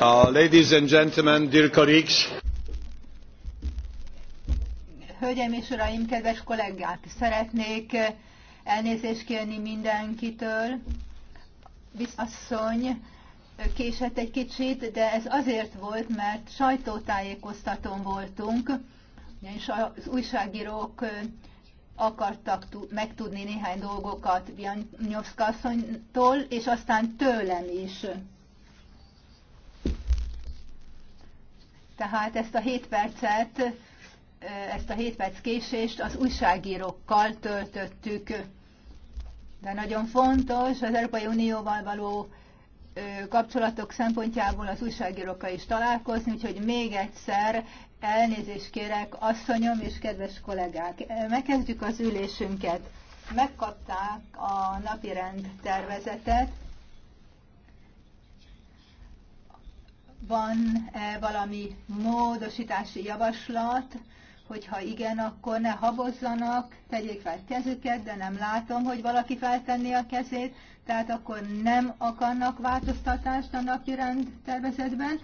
Uh, ladies and gentlemen, dear colleagues. Hölgyeim és uraim, kedves kollégák, szeretnék eh, elnézést kérni mindenkitől. Asszony eh, késett egy kicsit, de ez azért volt, mert sajtótájékoztatón voltunk, és az újságírók eh, akartak megtudni néhány dolgokat Bianyovszka asszonytól, és aztán tőlem is. Tehát ezt a 7 percet, ezt a 7 perc késést az újságírókkal töltöttük. De nagyon fontos az Európai Unióval való kapcsolatok szempontjából az újságírókkal is találkozni, úgyhogy még egyszer Elnézést kérek, asszonyom és kedves kollégák. Megkezdjük az ülésünket. Megkapták a napirend tervezetet. Van -e valami módosítási javaslat? Hogyha igen, akkor ne habozzanak, tegyék fel kezüket, de nem látom, hogy valaki feltenné a kezét, tehát akkor nem akarnak változtatást a napirend tervezetben.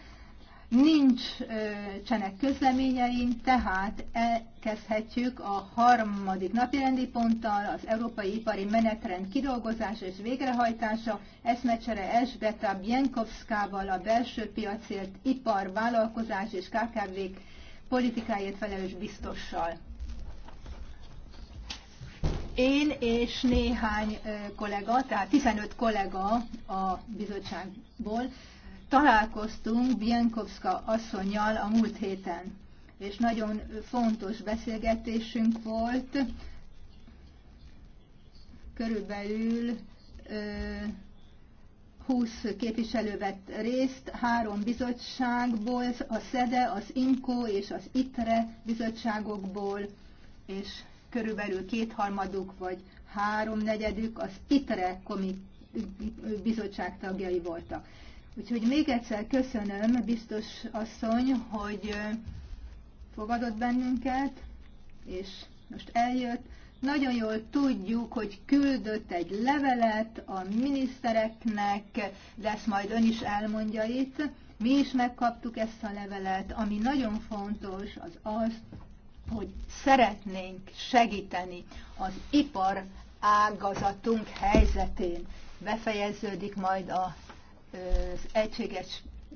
Nincsenek közleményeink, tehát elkezdhetjük a harmadik napirendi ponttal az Európai Ipari Menetrend kidolgozása és végrehajtása, eszmecsere Esbeta Bienkovszkával a belső piacért, ipar, vállalkozás és kkv politikáért felelős biztossal. Én és néhány kollega, tehát 15 kollega a bizottságból találkoztunk Bienkowska asszonyjal a múlt héten, és nagyon fontos beszélgetésünk volt, körülbelül 20 képviselő vett részt, három bizottságból, a SZEDE, az INKO és az ITRE bizottságokból, és körülbelül kétharmaduk vagy háromnegyedük az ITRE bizottság tagjai voltak. Úgyhogy még egyszer köszönöm, biztos asszony, hogy fogadott bennünket, és most eljött. Nagyon jól tudjuk, hogy küldött egy levelet a minisztereknek, de ezt majd ön is elmondja itt. Mi is megkaptuk ezt a levelet, ami nagyon fontos az az, hogy szeretnénk segíteni az ipar ágazatunk helyzetén. Befejeződik majd a egységes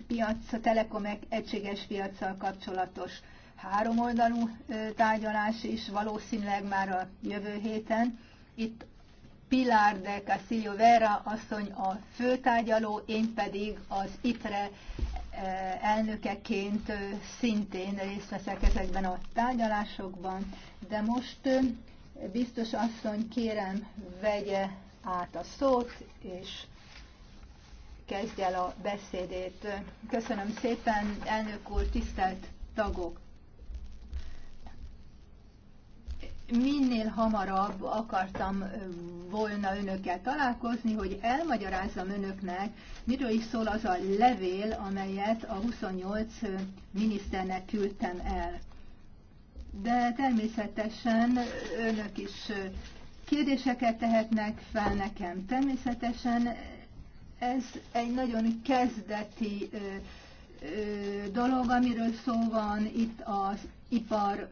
piac, a Telekom egységes piacsal kapcsolatos háromoldalú tárgyalás is valószínűleg már a jövő héten. Itt Pilar de Castillo Vera asszony a főtárgyaló, én pedig az ITRE elnökeként szintén részt veszek ezekben a tárgyalásokban, de most biztos asszony kérem vegye át a szót, és kezdje el a beszédét. Köszönöm szépen, elnök úr, tisztelt tagok! Minél hamarabb akartam volna önökkel találkozni, hogy elmagyarázzam önöknek, miről is szól az a levél, amelyet a 28 miniszternek küldtem el. De természetesen önök is kérdéseket tehetnek fel nekem. Természetesen ez egy nagyon kezdeti ö, ö, dolog, amiről szó van itt az ipar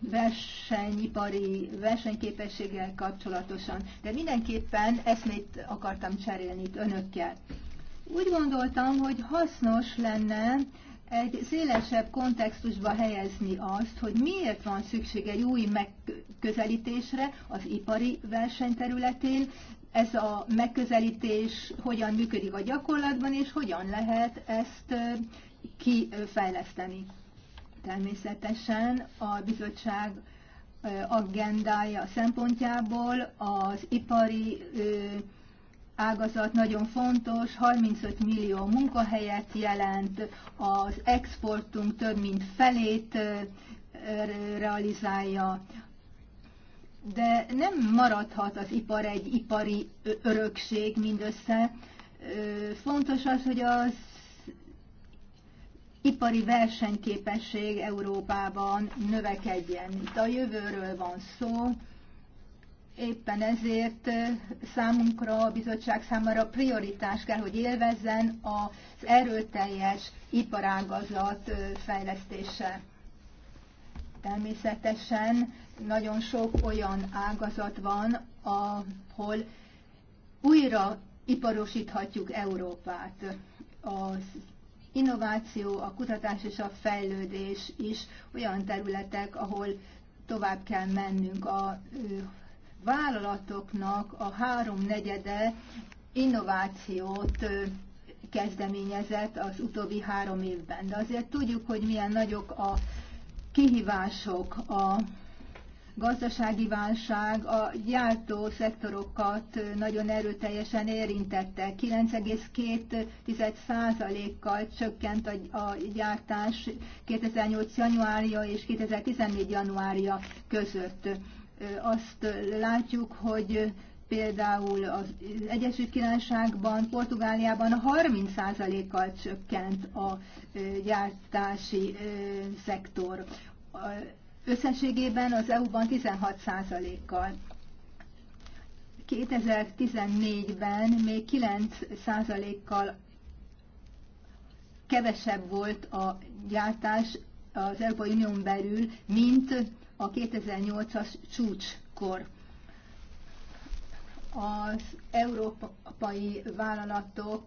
versenyipari versenyképességgel kapcsolatosan. De mindenképpen eszmét akartam cserélni itt önökkel. Úgy gondoltam, hogy hasznos lenne egy szélesebb kontextusba helyezni azt, hogy miért van szükség egy új megközelítésre az ipari területén, ez a megközelítés hogyan működik a gyakorlatban, és hogyan lehet ezt kifejleszteni. Természetesen a bizottság agendája szempontjából az ipari ágazat nagyon fontos, 35 millió munkahelyet jelent, az exportunk több mint felét realizálja, de nem maradhat az ipar egy ipari örökség mindössze. Fontos az, hogy az ipari versenyképesség Európában növekedjen. Itt a jövőről van szó, éppen ezért számunkra, a bizottság számára prioritás kell, hogy élvezzen az erőteljes iparágazat fejlesztése. Természetesen nagyon sok olyan ágazat van, ahol újra iparosíthatjuk Európát. Az innováció, a kutatás és a fejlődés is olyan területek, ahol tovább kell mennünk. A vállalatoknak a háromnegyede innovációt kezdeményezett az utóbbi három évben. De azért tudjuk, hogy milyen nagyok a kihívások a gazdasági válság a gyártó szektorokat nagyon erőteljesen érintette. 9,2%-kal csökkent a, gyártás 2008. januárja és 2014. januárja között. Azt látjuk, hogy például az Egyesült Királyságban, Portugáliában 30%-kal csökkent a gyártási szektor. Összességében az EU-ban 16%-kal. 2014-ben még 9%-kal kevesebb volt a gyártás az Európai Unión belül, mint a 2008-as csúcskor az európai vállalatok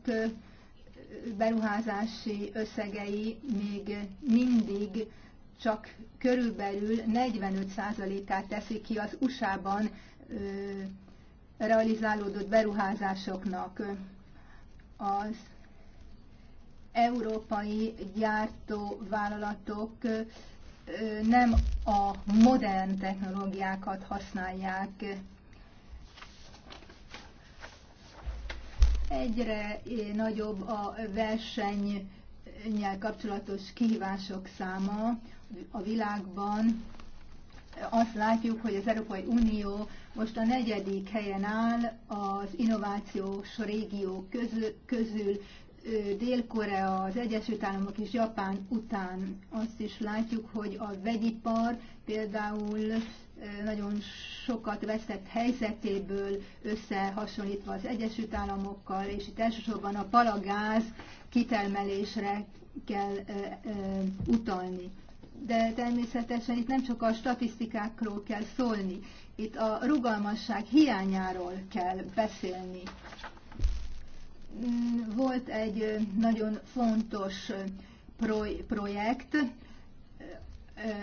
beruházási összegei még mindig csak körülbelül 45%-át teszik ki az USA-ban realizálódott beruházásoknak. Az európai gyártóvállalatok nem a modern technológiákat használják Egyre eh, nagyobb a versennyel kapcsolatos kihívások száma a világban. Azt látjuk, hogy az Európai Unió most a negyedik helyen áll az innovációs régiók közül, közül Dél-Korea, az Egyesült Államok és Japán után azt is látjuk, hogy a vegyipar például nagyon sokat veszett helyzetéből összehasonlítva az Egyesült Államokkal, és itt elsősorban a palagáz kitermelésre kell utalni. De természetesen itt nem csak a statisztikákról kell szólni, itt a rugalmasság hiányáról kell beszélni. Mm, volt egy nagyon fontos projekt,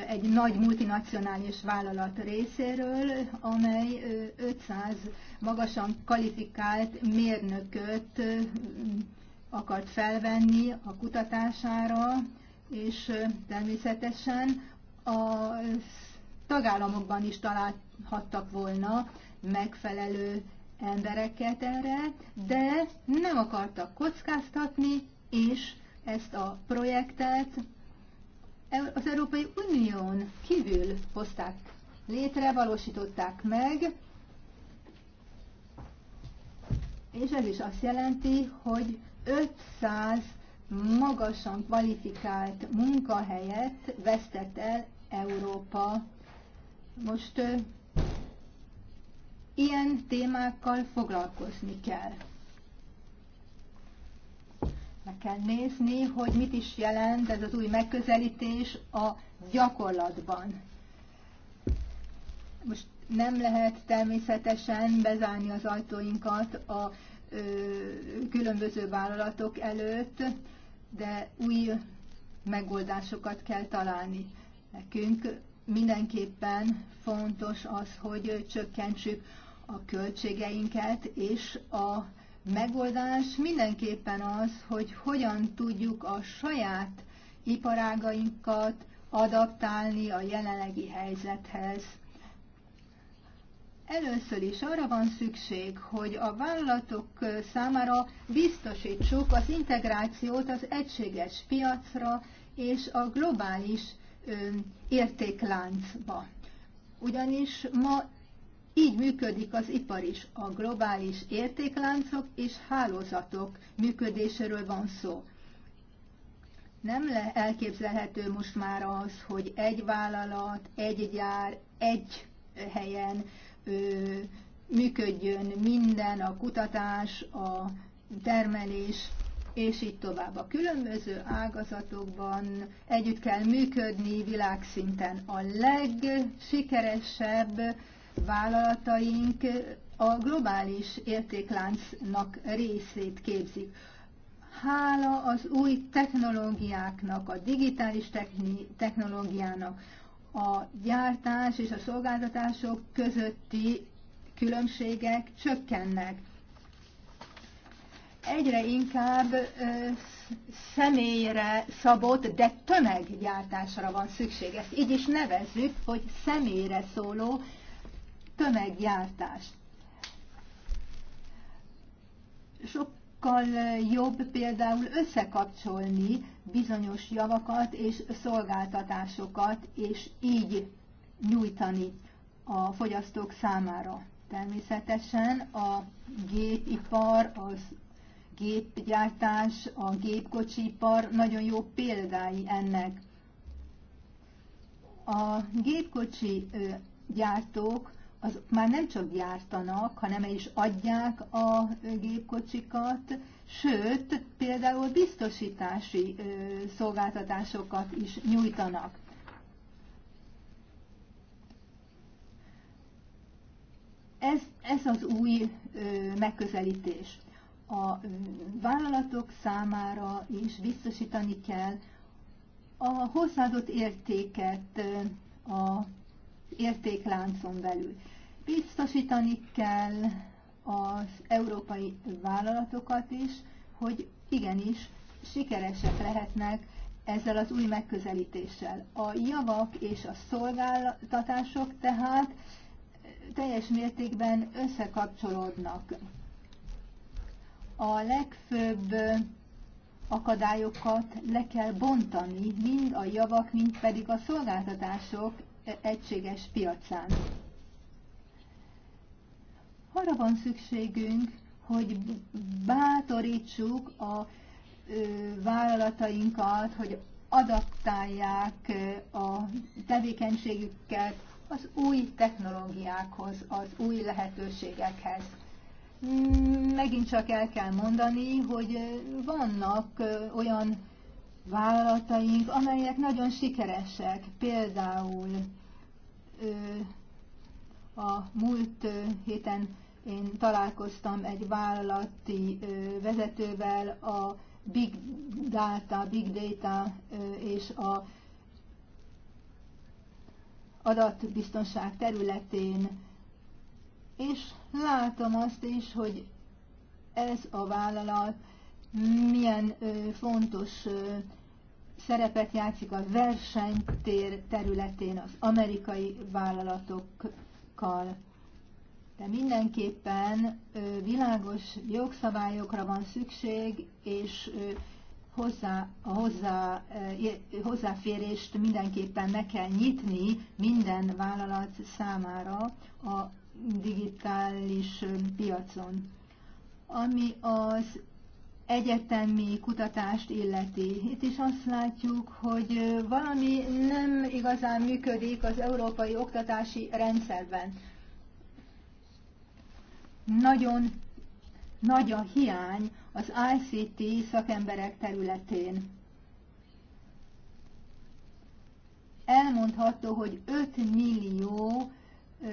egy nagy multinacionális vállalat részéről, amely 500 magasan kvalifikált mérnököt akart felvenni a kutatására, és természetesen a tagállamokban is találhattak volna megfelelő embereket erre, de nem akartak kockáztatni, és ezt a projektet E- az Európai Unión kívül hozták létre, valósították meg, és ez is azt jelenti, hogy 500 magasan kvalifikált munkahelyet vesztett el Európa. Most ilyen témákkal foglalkozni kell meg kell nézni, hogy mit is jelent ez az új megközelítés a gyakorlatban. Most nem lehet természetesen bezárni az ajtóinkat a ö, különböző vállalatok előtt, de új megoldásokat kell találni nekünk. Mindenképpen fontos az, hogy csökkentsük a költségeinket és a megoldás mindenképpen az, hogy hogyan tudjuk a saját iparágainkat adaptálni a jelenlegi helyzethez. Először is arra van szükség, hogy a vállalatok számára biztosítsuk az integrációt az egységes piacra és a globális értékláncba. Ugyanis ma így működik az ipar is. A globális értékláncok és hálózatok működéséről van szó. Nem le elképzelhető most már az, hogy egy vállalat, egy gyár, egy helyen ö, működjön minden, a kutatás, a termelés, és így tovább. A különböző ágazatokban együtt kell működni világszinten. A legsikeresebb vállalataink a globális értékláncnak részét képzik. Hála az új technológiáknak, a digitális technológiának, a gyártás és a szolgáltatások közötti különbségek csökkennek. Egyre inkább ö, személyre szabott, de tömeggyártásra van szükség. Ezt így is nevezzük, hogy személyre szóló tömeggyártás. Sokkal jobb például összekapcsolni bizonyos javakat és szolgáltatásokat, és így nyújtani a fogyasztók számára. Természetesen a gépipar, az gépgyártás, a gépkocsipar nagyon jó példái ennek. A gépkocsi gyártók az már nem csak gyártanak, hanem is adják a gépkocsikat, sőt, például biztosítási szolgáltatásokat is nyújtanak. Ez, ez az új megközelítés. A vállalatok számára is biztosítani kell a hozzáadott értéket a értékláncon belül. Biztosítani kell az európai vállalatokat is, hogy igenis sikeresek lehetnek ezzel az új megközelítéssel. A javak és a szolgáltatások tehát teljes mértékben összekapcsolódnak. A legfőbb akadályokat le kell bontani, mind a javak, mind pedig a szolgáltatások egységes piacán. Arra van szükségünk, hogy bátorítsuk a vállalatainkat, hogy adaptálják a tevékenységüket az új technológiákhoz, az új lehetőségekhez. Megint csak el kell mondani, hogy vannak olyan vállalataink, amelyek nagyon sikeresek. Például a múlt héten én találkoztam egy vállalati vezetővel a Big Data, Big Data és a adatbiztonság területén, és látom azt is, hogy ez a vállalat milyen fontos szerepet játszik a versenytér területén az amerikai vállalatokkal de mindenképpen világos jogszabályokra van szükség, és hozzá, a hozzá, hozzáférést mindenképpen meg kell nyitni minden vállalat számára a digitális piacon. Ami az egyetemi kutatást illeti. Itt is azt látjuk, hogy valami nem igazán működik az európai oktatási rendszerben. Nagyon nagy a hiány az ICT szakemberek területén. Elmondható, hogy 5 millió ö,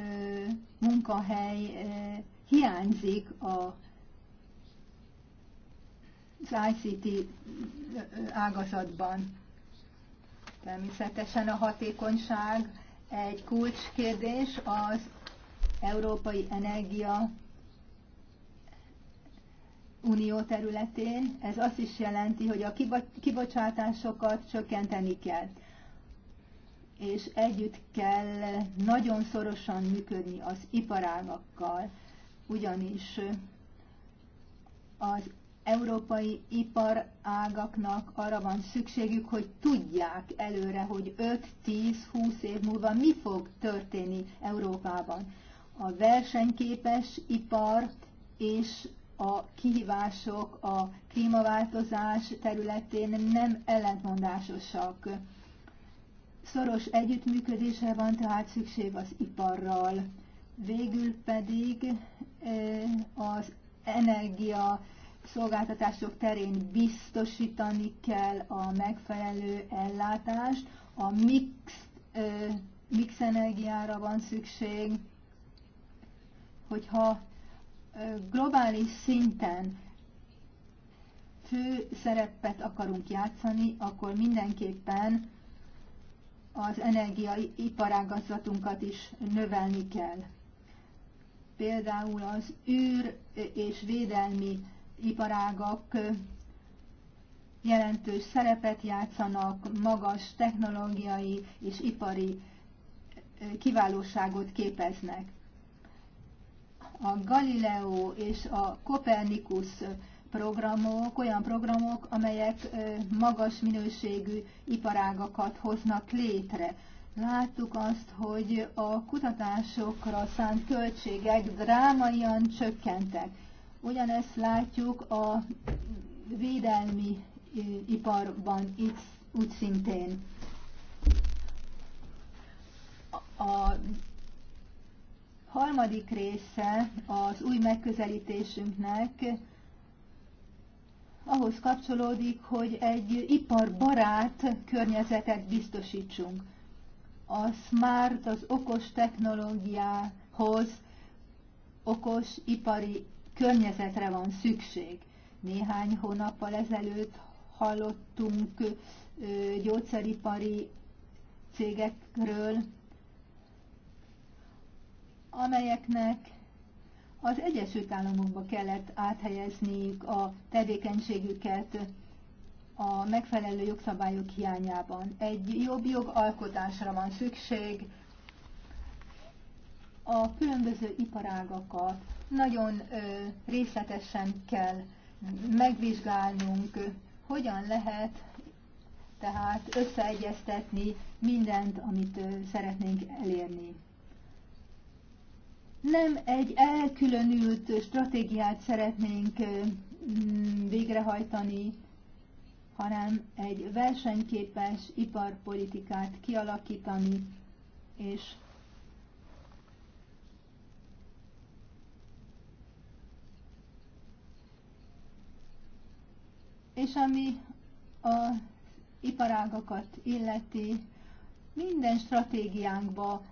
munkahely ö, hiányzik a, az ICT ágazatban. Természetesen a hatékonyság egy kulcskérdés az európai energia Unió területén. Ez azt is jelenti, hogy a kibocsátásokat csökkenteni kell. És együtt kell nagyon szorosan működni az iparágakkal, ugyanis az európai iparágaknak arra van szükségük, hogy tudják előre, hogy 5-10-20 év múlva mi fog történni Európában. A versenyképes ipar és a kihívások a klímaváltozás területén nem ellentmondásosak. Szoros együttműködésre van tehát szükség az iparral. Végül pedig az energia szolgáltatások terén biztosítani kell a megfelelő ellátást, a mix, mix energiára van szükség, hogyha globális szinten fő szerepet akarunk játszani, akkor mindenképpen az energiaiparágazatunkat is növelni kell. Például az űr és védelmi iparágak jelentős szerepet játszanak, magas technológiai és ipari kiválóságot képeznek a Galileo és a Kopernikus programok, olyan programok, amelyek magas minőségű iparágakat hoznak létre. Láttuk azt, hogy a kutatásokra szánt költségek drámaian csökkentek. Ugyanezt látjuk a védelmi iparban itt úgy szintén. A harmadik része az új megközelítésünknek ahhoz kapcsolódik, hogy egy iparbarát környezetet biztosítsunk. A smart, az okos technológiához okos ipari környezetre van szükség. Néhány hónappal ezelőtt hallottunk gyógyszeripari cégekről, amelyeknek az Egyesült Államokba kellett áthelyezniük a tevékenységüket a megfelelő jogszabályok hiányában. Egy jobb jogalkotásra van szükség, a különböző iparágakat nagyon részletesen kell megvizsgálnunk, hogyan lehet tehát összeegyeztetni mindent, amit szeretnénk elérni. Nem egy elkülönült stratégiát szeretnénk mm, végrehajtani, hanem egy versenyképes iparpolitikát kialakítani, és és ami az iparágakat illeti, minden stratégiánkba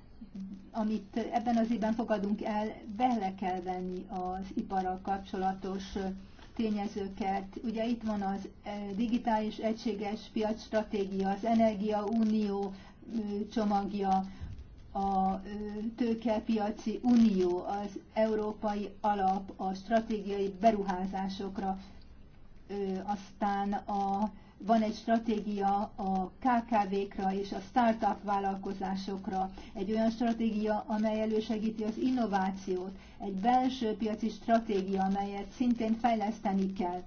amit ebben az évben fogadunk el, bele kell venni az iparral kapcsolatos tényezőket. Ugye itt van az eh, digitális egységes piacstratégia, az Energia Unió eh, csomagja, a eh, tőkepiaci unió, az európai alap a stratégiai beruházásokra, aztán a van egy stratégia a KKV-kra és a startup vállalkozásokra, egy olyan stratégia, amely elősegíti az innovációt, egy belső piaci stratégia, amelyet szintén fejleszteni kell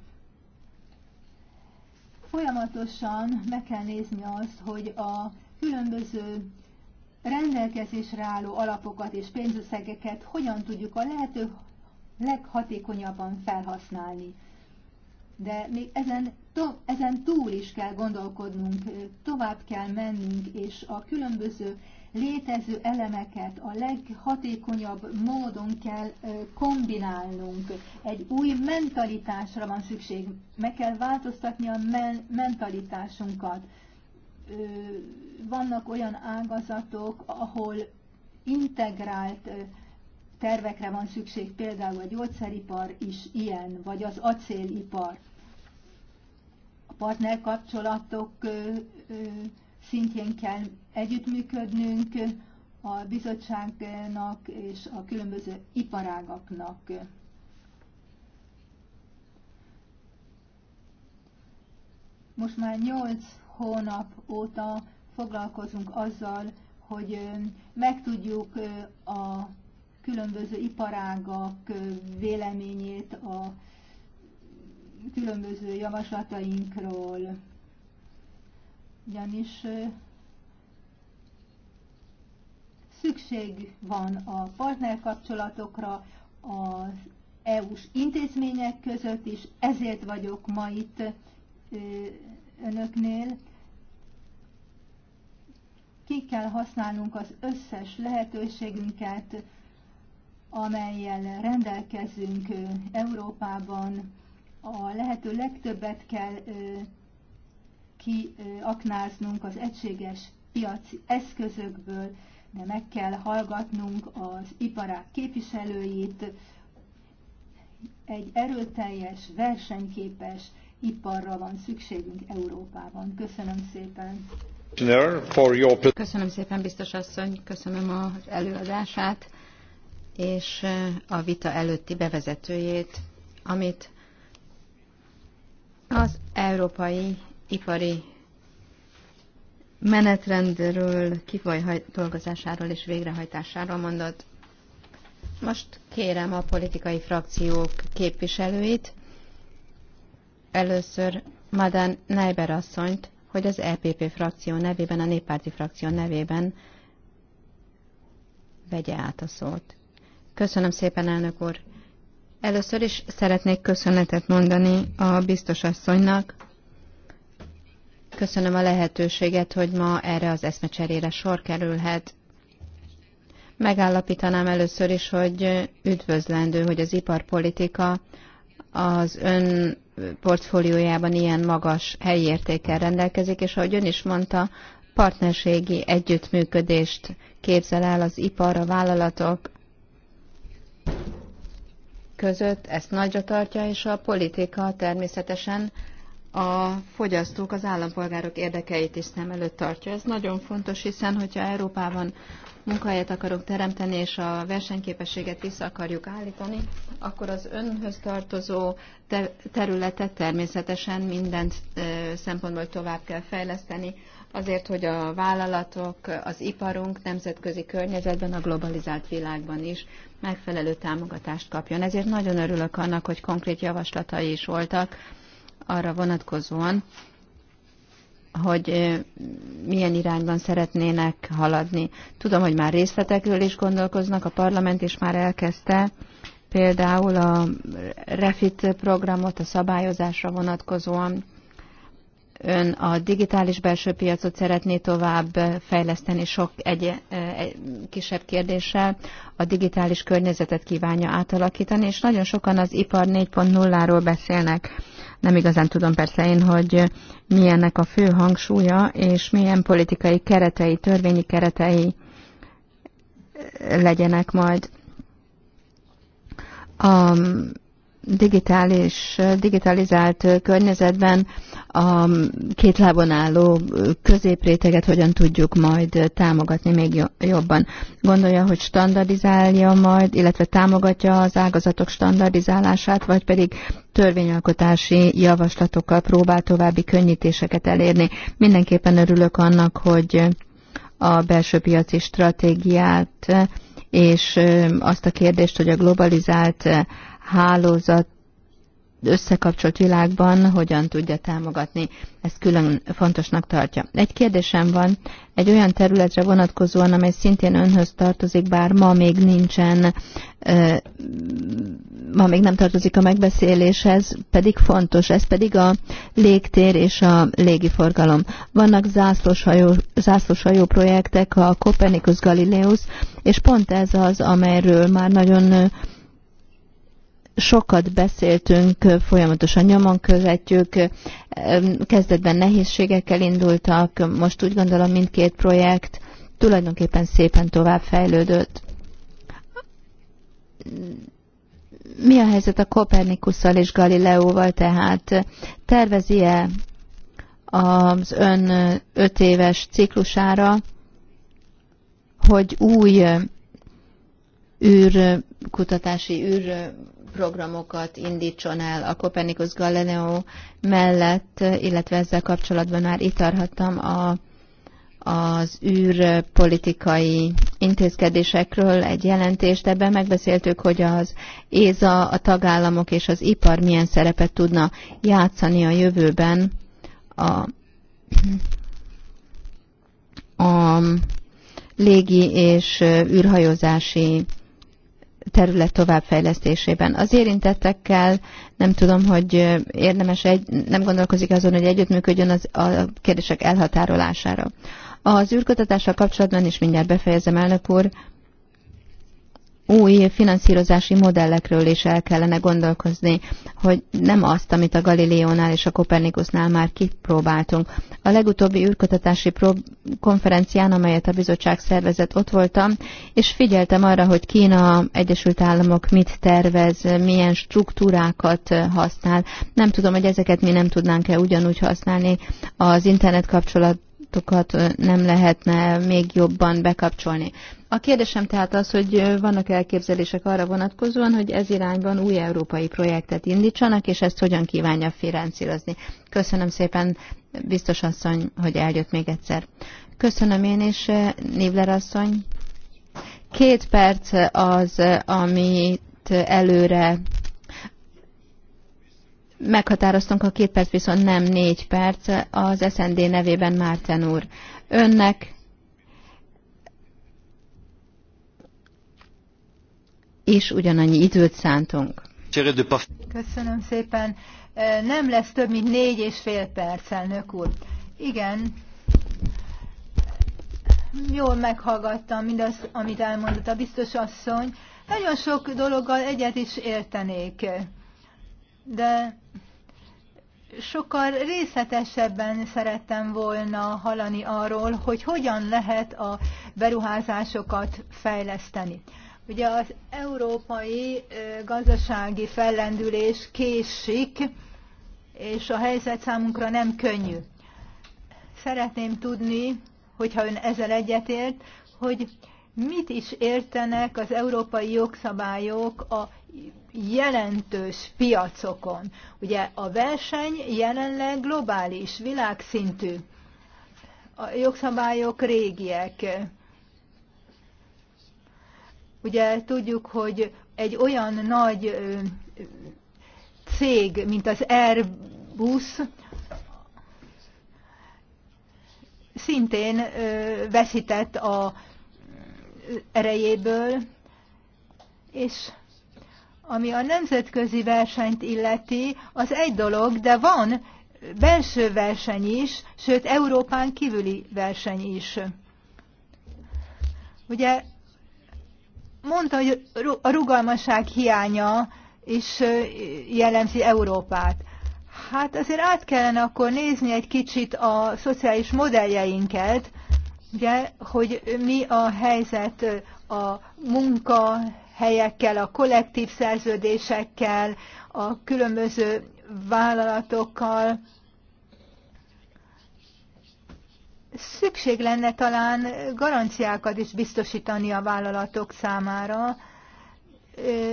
folyamatosan meg kell nézni azt, hogy a különböző rendelkezésre álló alapokat és pénzösszegeket hogyan tudjuk a lehető leghatékonyabban felhasználni. De még ezen to- ezen túl is kell gondolkodnunk, tovább kell mennünk, és a különböző létező elemeket a leghatékonyabb módon kell kombinálnunk. Egy új mentalitásra van szükség. Meg kell változtatni a men- mentalitásunkat. Vannak olyan ágazatok, ahol integrált tervekre van szükség, például a gyógyszeripar is ilyen, vagy az acélipar partnerkapcsolatok szintjén kell együttműködnünk a bizottságnak és a különböző iparágaknak. Most már 8 hónap óta foglalkozunk azzal, hogy megtudjuk a különböző iparágak véleményét a különböző javaslatainkról. Ugyanis szükség van a partnerkapcsolatokra, az EU-s intézmények között is, ezért vagyok ma itt önöknél. Ki kell használnunk az összes lehetőségünket, amelyel rendelkezünk Európában, a lehető legtöbbet kell kiaknáznunk az egységes piaci eszközökből, de meg kell hallgatnunk az iparák képviselőit, egy erőteljes, versenyképes iparra van szükségünk Európában. Köszönöm szépen! Köszönöm szépen, biztos asszony, köszönöm az előadását és a vita előtti bevezetőjét, amit az európai ipari menetrendről, kifolyhaj dolgozásáról és végrehajtásáról mondott. Most kérem a politikai frakciók képviselőit, először Madán Neiber asszonyt, hogy az EPP frakció nevében, a néppárti frakció nevében vegye át a szót. Köszönöm szépen, elnök úr! Először is szeretnék köszönetet mondani a biztos asszonynak. Köszönöm a lehetőséget, hogy ma erre az eszmecserére sor kerülhet. Megállapítanám először is, hogy üdvözlendő, hogy az iparpolitika az ön portfóliójában ilyen magas helyi értékkel rendelkezik, és ahogy ön is mondta, partnerségi együttműködést képzel el az ipar, a vállalatok között, ezt nagyra tartja, és a politika természetesen a fogyasztók, az állampolgárok érdekeit is szem előtt tartja. Ez nagyon fontos, hiszen hogyha Európában munkahelyet akarunk teremteni, és a versenyképességet vissza akarjuk állítani, akkor az önhöz tartozó területet természetesen mindent szempontból tovább kell fejleszteni, azért, hogy a vállalatok, az iparunk nemzetközi környezetben, a globalizált világban is megfelelő támogatást kapjon. Ezért nagyon örülök annak, hogy konkrét javaslatai is voltak arra vonatkozóan, hogy milyen irányban szeretnének haladni. Tudom, hogy már részletekről is gondolkoznak, a parlament is már elkezdte például a REFIT programot a szabályozásra vonatkozóan, ön a digitális belső piacot szeretné tovább fejleszteni sok egy, egy e, kisebb kérdéssel, a digitális környezetet kívánja átalakítani, és nagyon sokan az ipar 4.0-ról beszélnek. Nem igazán tudom persze én, hogy milyennek a fő hangsúlya, és milyen politikai keretei, törvényi keretei legyenek majd. A digitális, digitalizált környezetben a két lábon álló középréteget hogyan tudjuk majd támogatni még jobban. Gondolja, hogy standardizálja majd, illetve támogatja az ágazatok standardizálását, vagy pedig törvényalkotási javaslatokkal próbál további könnyítéseket elérni. Mindenképpen örülök annak, hogy a belső piaci stratégiát és azt a kérdést, hogy a globalizált hálózat összekapcsolt világban hogyan tudja támogatni. Ezt külön fontosnak tartja. Egy kérdésem van egy olyan területre vonatkozóan, amely szintén önhöz tartozik, bár ma még nincsen, ma még nem tartozik a megbeszéléshez, pedig fontos, ez pedig a légtér és a légiforgalom. Vannak zászlós hajó projektek, a Copernicus Galileus, és pont ez az, amelyről már nagyon sokat beszéltünk, folyamatosan nyomon követjük, kezdetben nehézségekkel indultak, most úgy gondolom mindkét projekt tulajdonképpen szépen tovább fejlődött. Mi a helyzet a Kopernikusszal és Galileóval tehát? Tervezi-e az ön öt éves ciklusára, hogy új űrkutatási űr programokat indítson el a Copernicus Galileo mellett, illetve ezzel kapcsolatban már itarhattam a, az űrpolitikai intézkedésekről egy jelentést. Ebben megbeszéltük, hogy az ÉZA, a tagállamok és az ipar milyen szerepet tudna játszani a jövőben a, a légi és űrhajózási terület továbbfejlesztésében. Az érintettekkel nem tudom, hogy érdemes egy, nem gondolkozik azon, hogy együttműködjön az, a kérdések elhatárolására. Az űrkutatással kapcsolatban is mindjárt befejezem, elnök úr, új finanszírozási modellekről is el kellene gondolkozni, hogy nem azt, amit a Galileónál és a Kopernikusnál már kipróbáltunk. A legutóbbi űrkutatási konferencián, amelyet a bizottság szervezett, ott voltam, és figyeltem arra, hogy Kína, Egyesült Államok mit tervez, milyen struktúrákat használ. Nem tudom, hogy ezeket mi nem tudnánk-e ugyanúgy használni az internet kapcsolat javaslatokat nem lehetne még jobban bekapcsolni. A kérdésem tehát az, hogy vannak elképzelések arra vonatkozóan, hogy ez irányban új európai projektet indítsanak, és ezt hogyan kívánja finanszírozni. Köszönöm szépen, biztos asszony, hogy eljött még egyszer. Köszönöm én is, Nivler asszony. Két perc az, amit előre meghatároztunk a két perc, viszont nem négy perc az SND nevében Márten úr. Önnek is ugyanannyi időt szántunk. Köszönöm szépen. Nem lesz több, mint négy és fél perc, elnök úr. Igen, jól meghallgattam mindazt, amit elmondott a biztos asszony. Nagyon sok dologgal egyet is értenék de sokkal részletesebben szerettem volna hallani arról, hogy hogyan lehet a beruházásokat fejleszteni. Ugye az európai gazdasági fellendülés késik, és a helyzet számunkra nem könnyű. Szeretném tudni, hogyha ön ezzel egyetért, hogy mit is értenek az európai jogszabályok a jelentős piacokon. Ugye a verseny jelenleg globális, világszintű. A jogszabályok régiek. Ugye tudjuk, hogy egy olyan nagy cég, mint az Airbus, szintén veszített a erejéből, és ami a nemzetközi versenyt illeti, az egy dolog, de van belső verseny is, sőt Európán kívüli verseny is. Ugye mondta, hogy a rugalmasság hiánya is jellemzi Európát. Hát azért át kellene akkor nézni egy kicsit a szociális modelljeinket, ugye, hogy mi a helyzet a munka munkahelyekkel, a kollektív szerződésekkel, a különböző vállalatokkal. Szükség lenne talán garanciákat is biztosítani a vállalatok számára,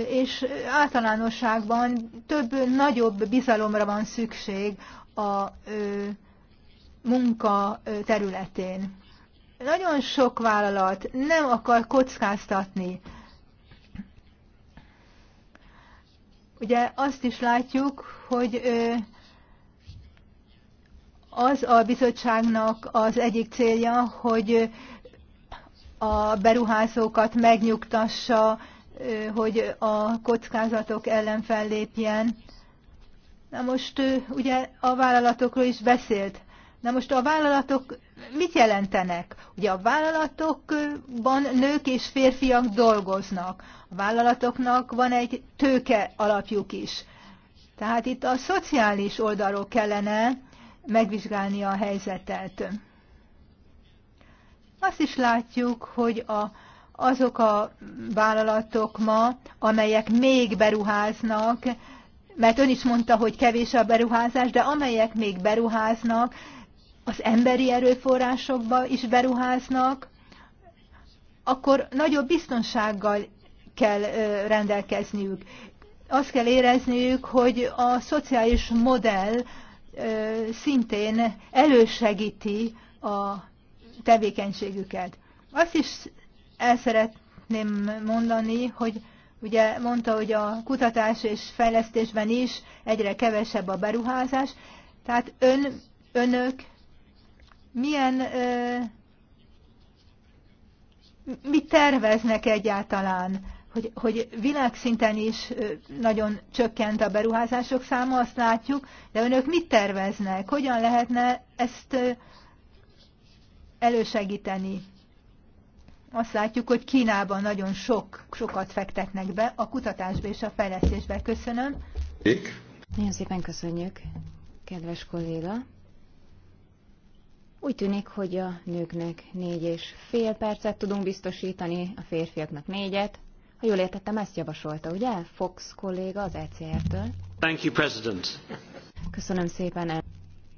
és általánosságban több nagyobb bizalomra van szükség a munka területén. Nagyon sok vállalat nem akar kockáztatni Ugye azt is látjuk, hogy az a bizottságnak az egyik célja, hogy a beruházókat megnyugtassa, hogy a kockázatok ellen fellépjen. Na most ugye a vállalatokról is beszélt. Na most a vállalatok mit jelentenek? Ugye a vállalatokban nők és férfiak dolgoznak. A vállalatoknak van egy tőke alapjuk is. Tehát itt a szociális oldalról kellene megvizsgálni a helyzetet. Azt is látjuk, hogy a, azok a vállalatok ma, amelyek még beruháznak, mert ön is mondta, hogy kevés a beruházás, de amelyek még beruháznak, az emberi erőforrásokba is beruháznak, akkor nagyobb biztonsággal kell rendelkezniük. Azt kell érezniük, hogy a szociális modell szintén elősegíti a tevékenységüket. Azt is el szeretném mondani, hogy ugye mondta, hogy a kutatás és fejlesztésben is egyre kevesebb a beruházás, tehát ön, önök milyen, mit terveznek egyáltalán? Hogy, hogy világszinten is nagyon csökkent a beruházások száma, azt látjuk, de önök mit terveznek? Hogyan lehetne ezt elősegíteni? Azt látjuk, hogy Kínában nagyon sok, sokat fektetnek be a kutatásba és a fejlesztésbe. Köszönöm. Én. Nagyon szépen köszönjük, kedves kolléga. Úgy tűnik, hogy a nőknek négy és fél percet tudunk biztosítani, a férfiaknak négyet. Ha jól értettem, ezt javasolta, ugye? Fox kolléga az ECR-től. Thank you, President. Köszönöm szépen.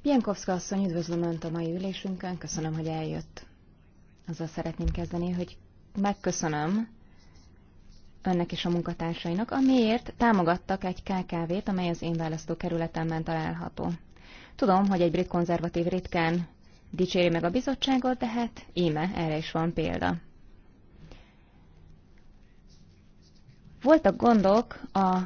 Pienkovszka asszony, üdvözlöm Önt a mai ülésünkön, köszönöm, hogy eljött. Azzal szeretném kezdeni, hogy megköszönöm Önnek és a munkatársainak, amiért támogattak egy KKV-t, amely az én választókerületemben található. Tudom, hogy egy brit konzervatív ritkán dicséri meg a bizottságot, de hát íme, erre is van példa. Voltak gondok a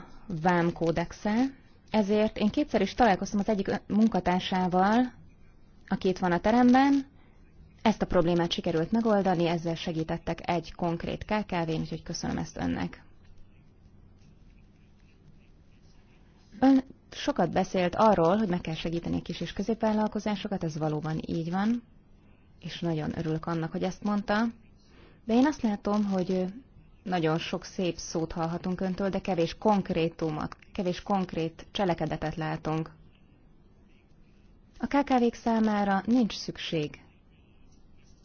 kódexel, ezért én kétszer is találkoztam az egyik munkatársával, aki itt van a teremben. Ezt a problémát sikerült megoldani, ezzel segítettek egy konkrét KKV-n, úgyhogy köszönöm ezt önnek. Ön sokat beszélt arról, hogy meg kell segíteni a kis és középvállalkozásokat, ez valóban így van, és nagyon örülök annak, hogy ezt mondta. De én azt látom, hogy nagyon sok szép szót hallhatunk öntől, de kevés konkrétumot, kevés konkrét cselekedetet látunk. A KKV-k számára nincs szükség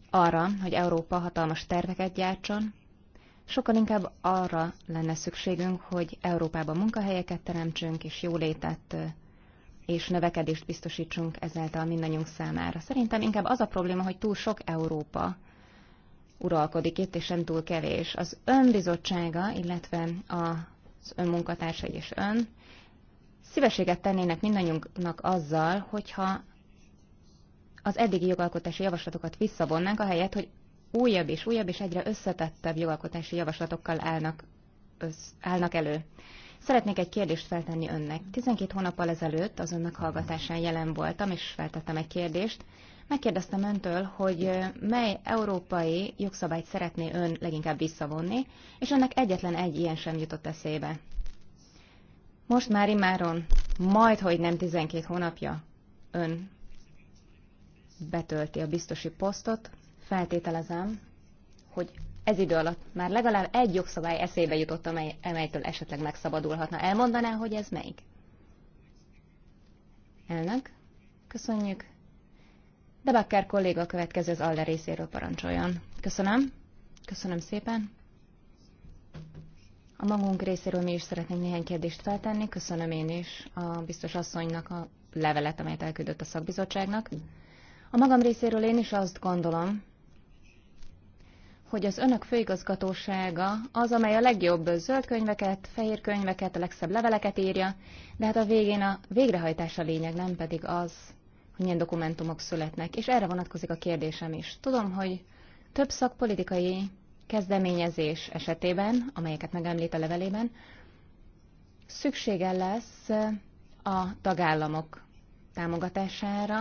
arra, hogy Európa hatalmas terveket gyártson, Sokkal inkább arra lenne szükségünk, hogy Európában munkahelyeket teremtsünk, és jólétet és növekedést biztosítsunk ezáltal mindannyiunk számára. Szerintem inkább az a probléma, hogy túl sok Európa uralkodik itt, és nem túl kevés. Az önbizottsága, illetve az önmunkatársai és ön szívességet tennének mindannyiunknak azzal, hogyha az eddigi jogalkotási javaslatokat visszavonnánk, ahelyett, hogy újabb és újabb és egyre összetettebb jogalkotási javaslatokkal állnak, össz, állnak elő. Szeretnék egy kérdést feltenni önnek. 12 hónappal ezelőtt az önnek hallgatásán jelen voltam, és feltettem egy kérdést. Megkérdeztem öntől, hogy mely európai jogszabályt szeretné ön leginkább visszavonni, és önnek egyetlen egy ilyen sem jutott eszébe. Most már imáron, majd hogy nem 12 hónapja, ön betölti a biztosi posztot, feltételezem, hogy ez idő alatt már legalább egy jogszabály eszébe jutott, amely, amelytől esetleg megszabadulhatna. Elmondaná, hogy ez melyik? Elnök, köszönjük. De Bakker kolléga következő az Alde részéről parancsoljon. Köszönöm. Köszönöm szépen. A magunk részéről mi is szeretnénk néhány kérdést feltenni. Köszönöm én is a biztos asszonynak a levelet, amelyet elküldött a szakbizottságnak. A magam részéről én is azt gondolom, hogy az önök főigazgatósága az, amely a legjobb zöld könyveket, fehér könyveket, a legszebb leveleket írja, de hát a végén a végrehajtás a lényeg, nem pedig az, hogy milyen dokumentumok születnek. És erre vonatkozik a kérdésem is. Tudom, hogy több szakpolitikai kezdeményezés esetében, amelyeket megemlít a levelében, szüksége lesz a tagállamok támogatására.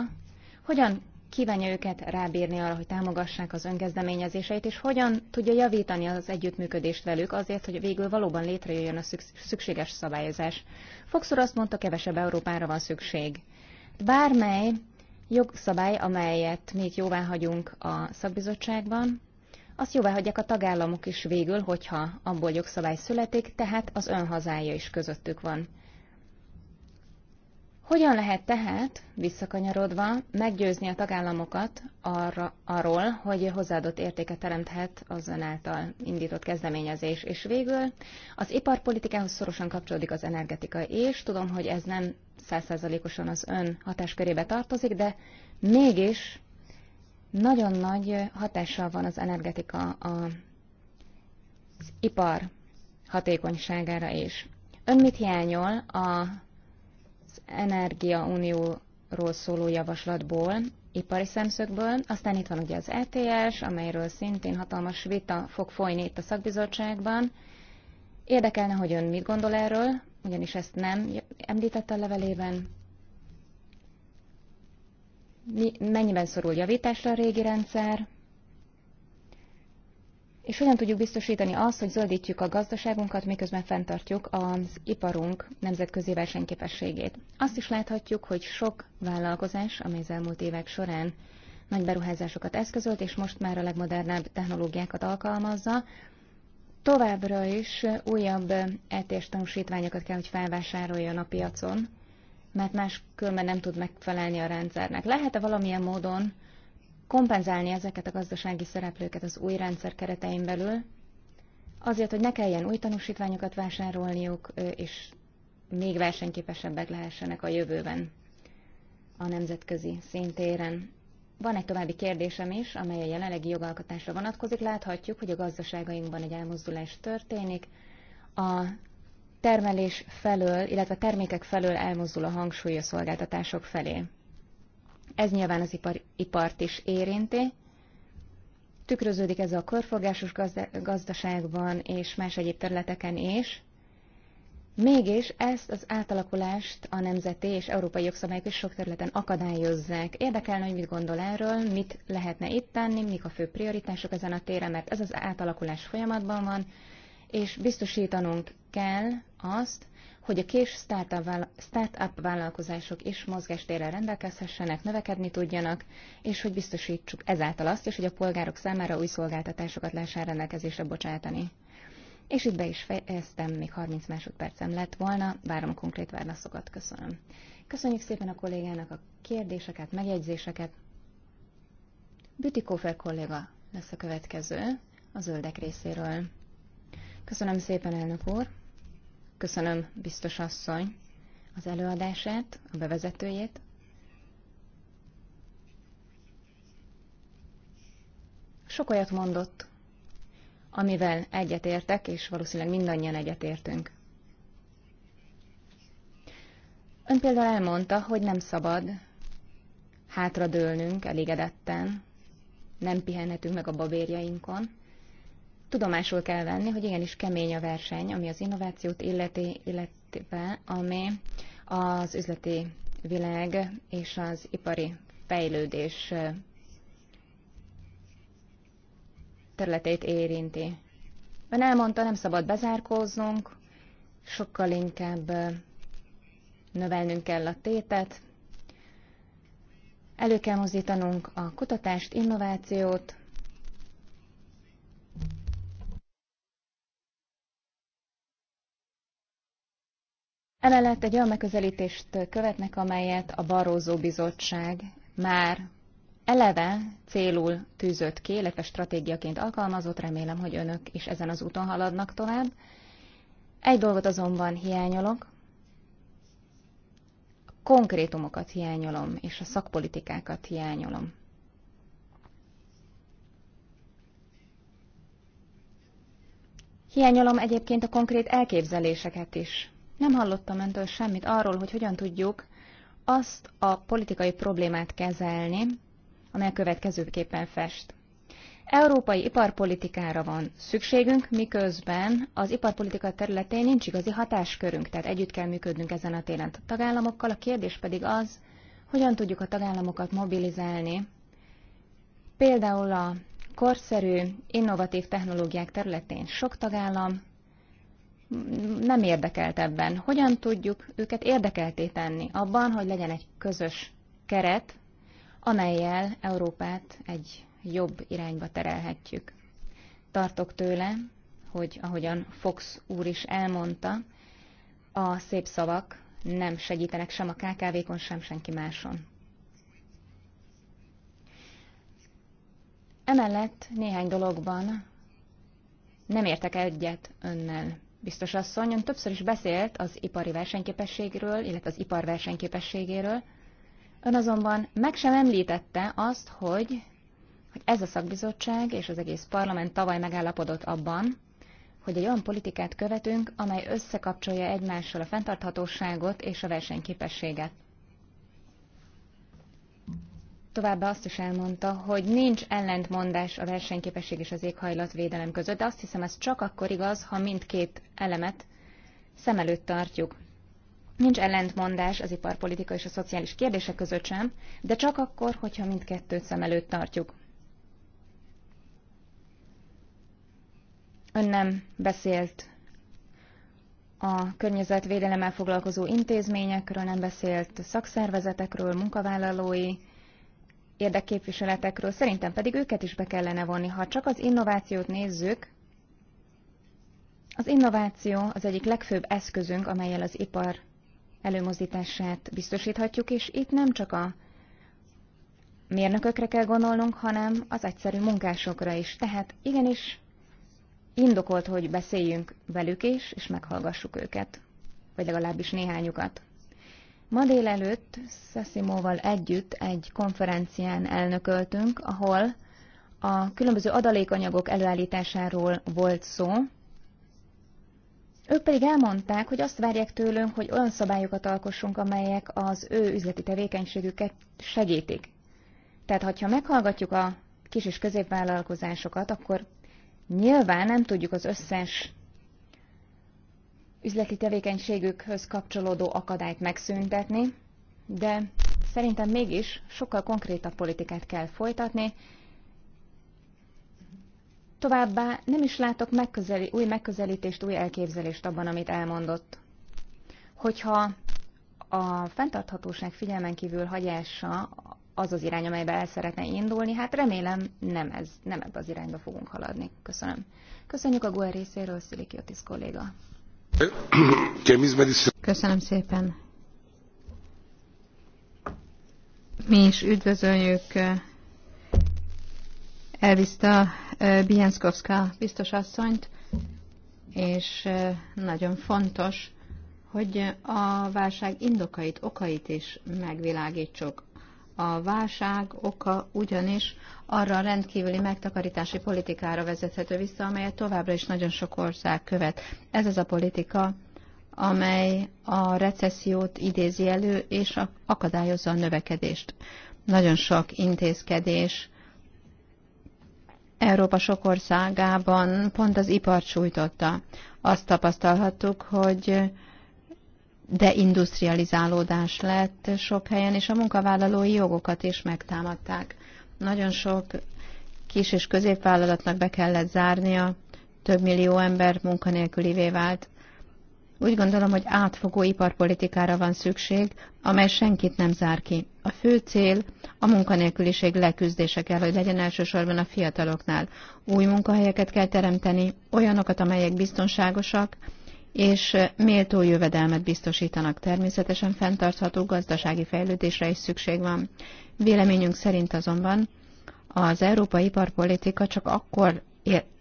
Hogyan kívánja őket rábírni arra, hogy támogassák az önkezdeményezéseit, és hogyan tudja javítani az együttműködést velük azért, hogy végül valóban létrejöjjön a szükséges szabályozás. Fokszor azt mondta, kevesebb Európára van szükség. Bármely jogszabály, amelyet mi itt jóvá hagyunk a szakbizottságban, azt jóvá hagyják a tagállamok is végül, hogyha abból jogszabály születik, tehát az önhazája is közöttük van. Hogyan lehet tehát, visszakanyarodva, meggyőzni a tagállamokat arra, arról, hogy hozzáadott értéket teremthet az ön által indított kezdeményezés? És végül az iparpolitikához szorosan kapcsolódik az energetika, és tudom, hogy ez nem százszerzalékosan az ön hatáskörébe tartozik, de mégis nagyon nagy hatással van az energetika az ipar hatékonyságára is. Ön mit hiányol a az energia unióról szóló javaslatból, ipari szemszögből. Aztán itt van ugye az ETS, amelyről szintén hatalmas vita fog folyni itt a szakbizottságban. Érdekelne, hogy ön mit gondol erről, ugyanis ezt nem említette a levelében. Mi, mennyiben szorul javításra a régi rendszer? És hogyan tudjuk biztosítani azt, hogy zöldítjük a gazdaságunkat, miközben fenntartjuk az iparunk nemzetközi versenyképességét. Azt is láthatjuk, hogy sok vállalkozás, amely az elmúlt évek során nagy beruházásokat eszközölt, és most már a legmodernebb technológiákat alkalmazza, továbbra is újabb eltérs tanúsítványokat kell, hogy felvásároljon a piacon, mert máskülönben nem tud megfelelni a rendszernek. Lehet-e valamilyen módon kompenzálni ezeket a gazdasági szereplőket az új rendszer keretein belül, azért, hogy ne kelljen új tanúsítványokat vásárolniuk, és még versenyképesebbek lehessenek a jövőben a nemzetközi szintéren. Van egy további kérdésem is, amely a jelenlegi jogalkotásra vonatkozik. Láthatjuk, hogy a gazdaságainkban egy elmozdulás történik. A termelés felől, illetve a termékek felől elmozdul a hangsúly a szolgáltatások felé. Ez nyilván az ipar, ipart is érinti. Tükröződik ez a körforgásos gazda, gazdaságban és más egyéb területeken is. Mégis ezt az átalakulást a nemzeti és európai jogszabályok is sok területen akadályozzák. Érdekelne, hogy mit gondol erről, mit lehetne itt tenni, mik a fő prioritások ezen a téren, mert ez az átalakulás folyamatban van, és biztosítanunk kell azt, hogy a kés startup vállalkozások is mozgástérrel rendelkezhessenek, növekedni tudjanak, és hogy biztosítsuk ezáltal azt is, hogy a polgárok számára új szolgáltatásokat lehessen rendelkezésre bocsátani. És itt be is fejeztem, még 30 másodpercem lett volna, várom a konkrét válaszokat, köszönöm. Köszönjük szépen a kollégának a kérdéseket, megjegyzéseket. Kófer kolléga lesz a következő a zöldek részéről. Köszönöm szépen, elnök úr! Köszönöm, biztos asszony, az előadását, a bevezetőjét. Sok olyat mondott, amivel egyetértek, és valószínűleg mindannyian egyetértünk. Ön például elmondta, hogy nem szabad hátradőlnünk elégedetten, nem pihenhetünk meg a babérjainkon, tudomásul kell venni, hogy igenis kemény a verseny, ami az innovációt illeti, illetve ami az üzleti világ és az ipari fejlődés területét érinti. Ön elmondta, nem szabad bezárkóznunk, sokkal inkább növelnünk kell a tétet, elő kell mozdítanunk a kutatást, innovációt, Emellett egy olyan megközelítést követnek, amelyet a Barózó Bizottság már eleve célul tűzött ki, illetve stratégiaként alkalmazott, remélem, hogy önök is ezen az úton haladnak tovább. Egy dolgot azonban hiányolok, konkrétumokat hiányolom, és a szakpolitikákat hiányolom. Hiányolom egyébként a konkrét elképzeléseket is. Nem hallottam öntől semmit arról, hogy hogyan tudjuk azt a politikai problémát kezelni, amely következőképpen fest. Európai iparpolitikára van szükségünk, miközben az iparpolitika területén nincs igazi hatáskörünk, tehát együtt kell működnünk ezen a téren a tagállamokkal. A kérdés pedig az, hogyan tudjuk a tagállamokat mobilizálni, például a korszerű, innovatív technológiák területén sok tagállam nem érdekelt ebben. Hogyan tudjuk őket érdekelté tenni abban, hogy legyen egy közös keret, amelyel Európát egy jobb irányba terelhetjük. Tartok tőle, hogy ahogyan Fox úr is elmondta, a szép szavak nem segítenek sem a KKV-kon, sem senki máson. Emellett néhány dologban nem értek egyet önnel biztos asszony, ön többször is beszélt az ipari versenyképességről, illetve az ipar versenyképességéről. Ön azonban meg sem említette azt, hogy, hogy ez a szakbizottság és az egész parlament tavaly megállapodott abban, hogy egy olyan politikát követünk, amely összekapcsolja egymással a fenntarthatóságot és a versenyképességet. Továbbá azt is elmondta, hogy nincs ellentmondás a versenyképesség és az éghajlatvédelem között, de azt hiszem ez csak akkor igaz, ha mindkét elemet szem előtt tartjuk. Nincs ellentmondás az iparpolitika és a szociális kérdések között sem, de csak akkor, hogyha mindkettőt szem előtt tartjuk. Ön nem beszélt a környezetvédelemmel foglalkozó intézményekről, nem beszélt szakszervezetekről, munkavállalói érdekképviseletekről. Szerintem pedig őket is be kellene vonni. Ha csak az innovációt nézzük, az innováció az egyik legfőbb eszközünk, amelyel az ipar előmozdítását biztosíthatjuk, és itt nem csak a mérnökökre kell gondolnunk, hanem az egyszerű munkásokra is. Tehát igenis indokolt, hogy beszéljünk velük is, és meghallgassuk őket, vagy legalábbis néhányukat. Ma délelőtt Szeszimóval együtt egy konferencián elnököltünk, ahol a különböző adalékanyagok előállításáról volt szó. Ők pedig elmondták, hogy azt várják tőlünk, hogy olyan szabályokat alkossunk, amelyek az ő üzleti tevékenységüket segítik. Tehát, ha meghallgatjuk a kis és középvállalkozásokat, akkor nyilván nem tudjuk az összes üzleti tevékenységükhöz kapcsolódó akadályt megszüntetni, de szerintem mégis sokkal konkrétabb politikát kell folytatni. Továbbá nem is látok megközeli, új megközelítést, új elképzelést abban, amit elmondott. Hogyha a fenntarthatóság figyelmen kívül hagyása az az irány, amelybe el szeretne indulni, hát remélem nem, ez, nem ebbe az irányba fogunk haladni. Köszönöm. Köszönjük a GUE részéről, Szilikiotis kolléga. Köszönöm szépen. Mi is üdvözöljük Elviszta Bienszkowska biztos asszonyt, és nagyon fontos, hogy a válság indokait, okait is megvilágítsuk. A válság oka ugyanis arra a rendkívüli megtakarítási politikára vezethető vissza, amelyet továbbra is nagyon sok ország követ. Ez az a politika, amely a recessziót idézi elő és akadályozza a növekedést. Nagyon sok intézkedés Európa sok országában pont az ipart sújtotta. Azt tapasztalhattuk, hogy deindustrializálódás lett sok helyen, és a munkavállalói jogokat is megtámadták. Nagyon sok kis és középvállalatnak be kellett zárnia, több millió ember munkanélkülivé vált. Úgy gondolom, hogy átfogó iparpolitikára van szükség, amely senkit nem zár ki. A fő cél a munkanélküliség leküzdése kell, hogy legyen elsősorban a fiataloknál. Új munkahelyeket kell teremteni, olyanokat, amelyek biztonságosak, és méltó jövedelmet biztosítanak. Természetesen fenntartható gazdasági fejlődésre is szükség van. Véleményünk szerint azonban az európai iparpolitika csak akkor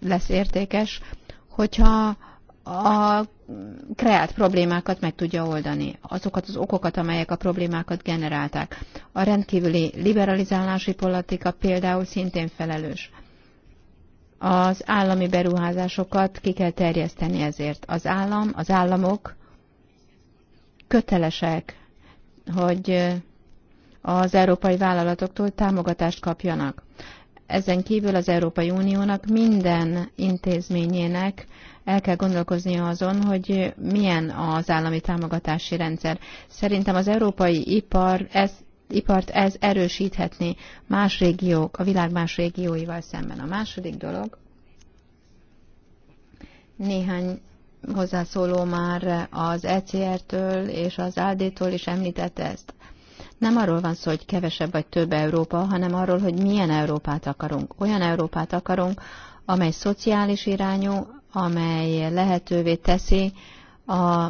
lesz értékes, hogyha a kreált problémákat meg tudja oldani, azokat az okokat, amelyek a problémákat generálták. A rendkívüli liberalizálási politika például szintén felelős az állami beruházásokat ki kell terjeszteni ezért. Az állam, az államok kötelesek, hogy az európai vállalatoktól támogatást kapjanak. Ezen kívül az Európai Uniónak minden intézményének el kell gondolkoznia azon, hogy milyen az állami támogatási rendszer. Szerintem az európai ipar ezt ipart ez erősíthetni más régiók, a világ más régióival szemben. A második dolog, néhány hozzászóló már az ECR-től és az ad tól is említette ezt. Nem arról van szó, hogy kevesebb vagy több Európa, hanem arról, hogy milyen Európát akarunk. Olyan Európát akarunk, amely szociális irányú, amely lehetővé teszi a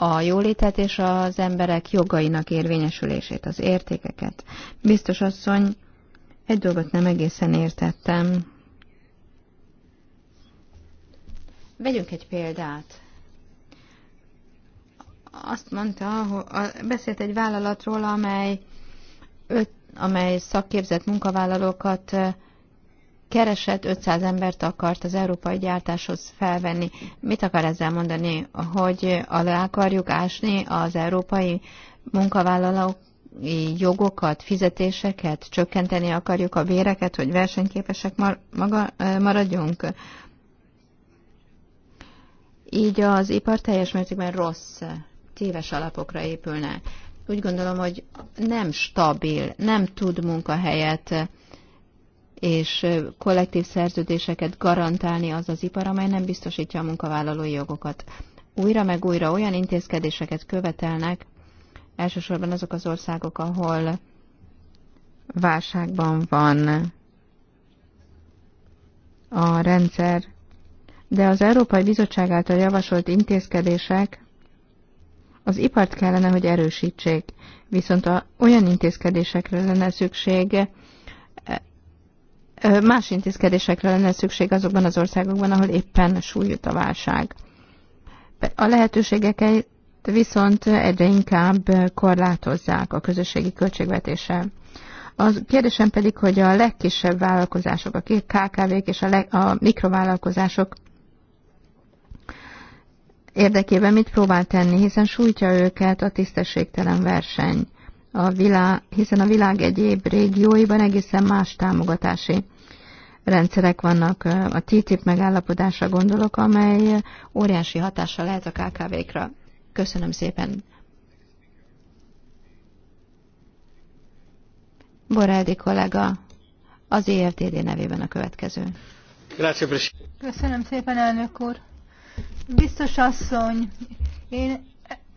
a jólétet és az emberek jogainak érvényesülését, az értékeket. Biztos asszony, egy dolgot nem egészen értettem. Vegyünk egy példát. Azt mondta, beszélt egy vállalatról, amely, öt, amely szakképzett munkavállalókat keresett 500 embert akart az európai gyártáshoz felvenni. Mit akar ezzel mondani, hogy alá akarjuk ásni az európai munkavállalók jogokat, fizetéseket, csökkenteni akarjuk a béreket, hogy versenyképesek mar- maga, maradjunk? Így az ipar teljes mértékben rossz, téves alapokra épülne. Úgy gondolom, hogy nem stabil, nem tud munkahelyet és kollektív szerződéseket garantálni az az ipar, amely nem biztosítja a munkavállalói jogokat. Újra meg újra olyan intézkedéseket követelnek, elsősorban azok az országok, ahol válságban van a rendszer, de az Európai Bizottság által javasolt intézkedések az ipart kellene, hogy erősítsék, viszont a, olyan intézkedésekre lenne szüksége más intézkedésekre lenne szükség azokban az országokban, ahol éppen súlyos a válság. A lehetőségeket viszont egyre inkább korlátozzák a közösségi költségvetéssel. A kérdésem pedig, hogy a legkisebb vállalkozások, a KKV-k és a, leg, a mikrovállalkozások érdekében mit próbál tenni, hiszen sújtja őket a tisztességtelen verseny a világ, hiszen a világ egyéb régióiban egészen más támogatási rendszerek vannak. A TTIP megállapodásra gondolok, amely óriási hatással lehet a KKV-kra. Köszönöm szépen. Boráldi kollega, az EFTD nevében a következő. Köszönöm szépen, elnök úr. Biztos asszony, én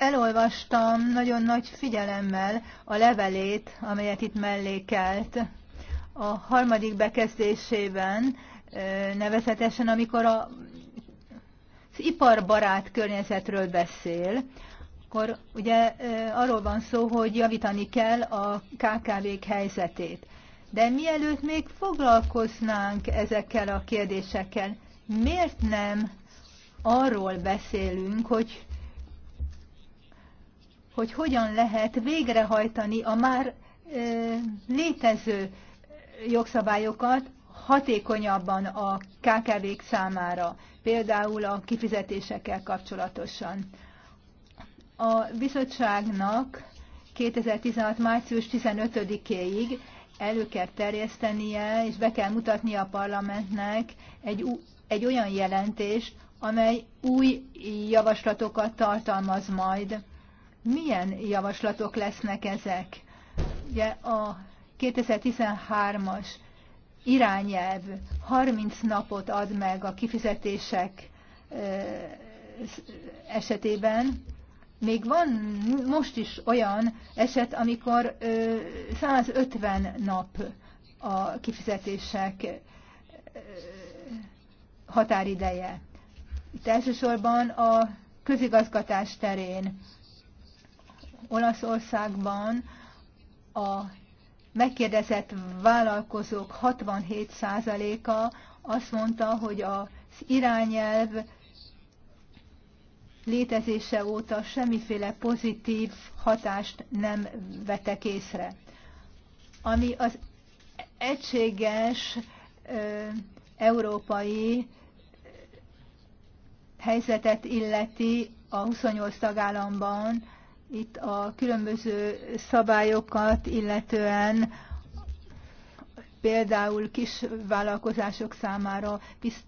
elolvastam nagyon nagy figyelemmel a levelét, amelyet itt mellékelt a harmadik bekezdésében, nevezetesen amikor a, az iparbarát környezetről beszél, akkor ugye arról van szó, hogy javítani kell a KKV-k helyzetét. De mielőtt még foglalkoznánk ezekkel a kérdésekkel, miért nem arról beszélünk, hogy hogy hogyan lehet végrehajtani a már létező jogszabályokat hatékonyabban a KKV-k számára, például a kifizetésekkel kapcsolatosan. A bizottságnak 2016. március 15-éig elő kell terjesztenie, és be kell mutatnia a parlamentnek egy, egy olyan jelentést, amely új javaslatokat tartalmaz majd milyen javaslatok lesznek ezek? Ugye a 2013-as irányelv 30 napot ad meg a kifizetések esetében, még van most is olyan eset, amikor 150 nap a kifizetések határideje. Itt elsősorban a közigazgatás terén Olaszországban a megkérdezett vállalkozók 67%-a azt mondta, hogy az irányelv létezése óta semmiféle pozitív hatást nem vetek észre. Ami az egységes ö, európai helyzetet illeti a 28 tagállamban, itt a különböző szabályokat, illetően például kis vállalkozások számára bizt,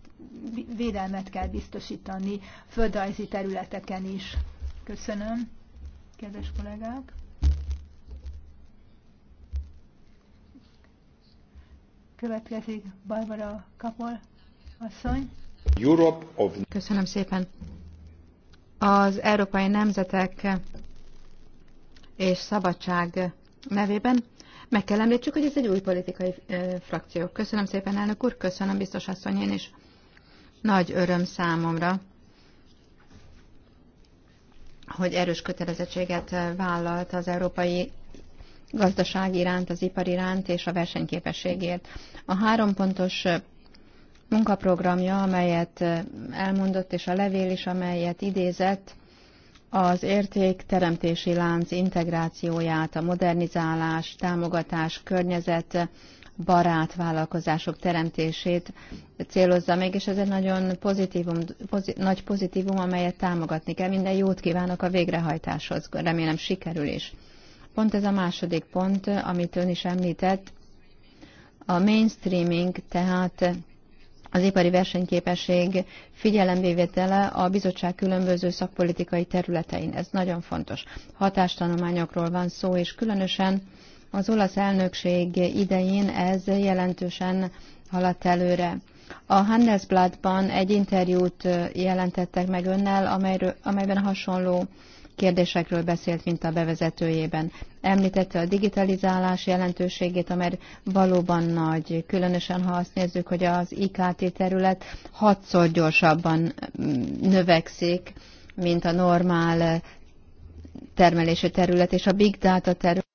védelmet kell biztosítani földrajzi területeken is. Köszönöm, kedves kollégák! Következik Barbara Kapol asszony. Köszönöm szépen. Az európai nemzetek és Szabadság nevében. Meg kell említsük, hogy ez egy új politikai frakció. Köszönöm szépen, elnök úr, köszönöm biztos asszony, én is. Nagy öröm számomra, hogy erős kötelezettséget vállalt az európai gazdaság iránt, az ipar iránt és a versenyképességért. A három pontos munkaprogramja, amelyet elmondott, és a levél is, amelyet idézett, az értékteremtési lánc integrációját, a modernizálás, támogatás, környezet, barát vállalkozások teremtését célozza meg, és ez egy nagyon pozitívum, pozit, nagy pozitívum, amelyet támogatni kell. Minden jót kívánok a végrehajtáshoz, remélem sikerül is. Pont ez a második pont, amit ön is említett, a mainstreaming, tehát az ipari versenyképesség figyelembevétele a bizottság különböző szakpolitikai területein. Ez nagyon fontos. Hatástanományokról van szó, és különösen az olasz elnökség idején ez jelentősen haladt előre. A Handelsblattban egy interjút jelentettek meg önnel, amelyről, amelyben hasonló kérdésekről beszélt, mint a bevezetőjében. Említette a digitalizálás jelentőségét, amely valóban nagy, különösen ha azt nézzük, hogy az IKT terület hatszor gyorsabban mm, növekszik, mint a normál eh, termelési terület, és a big data terület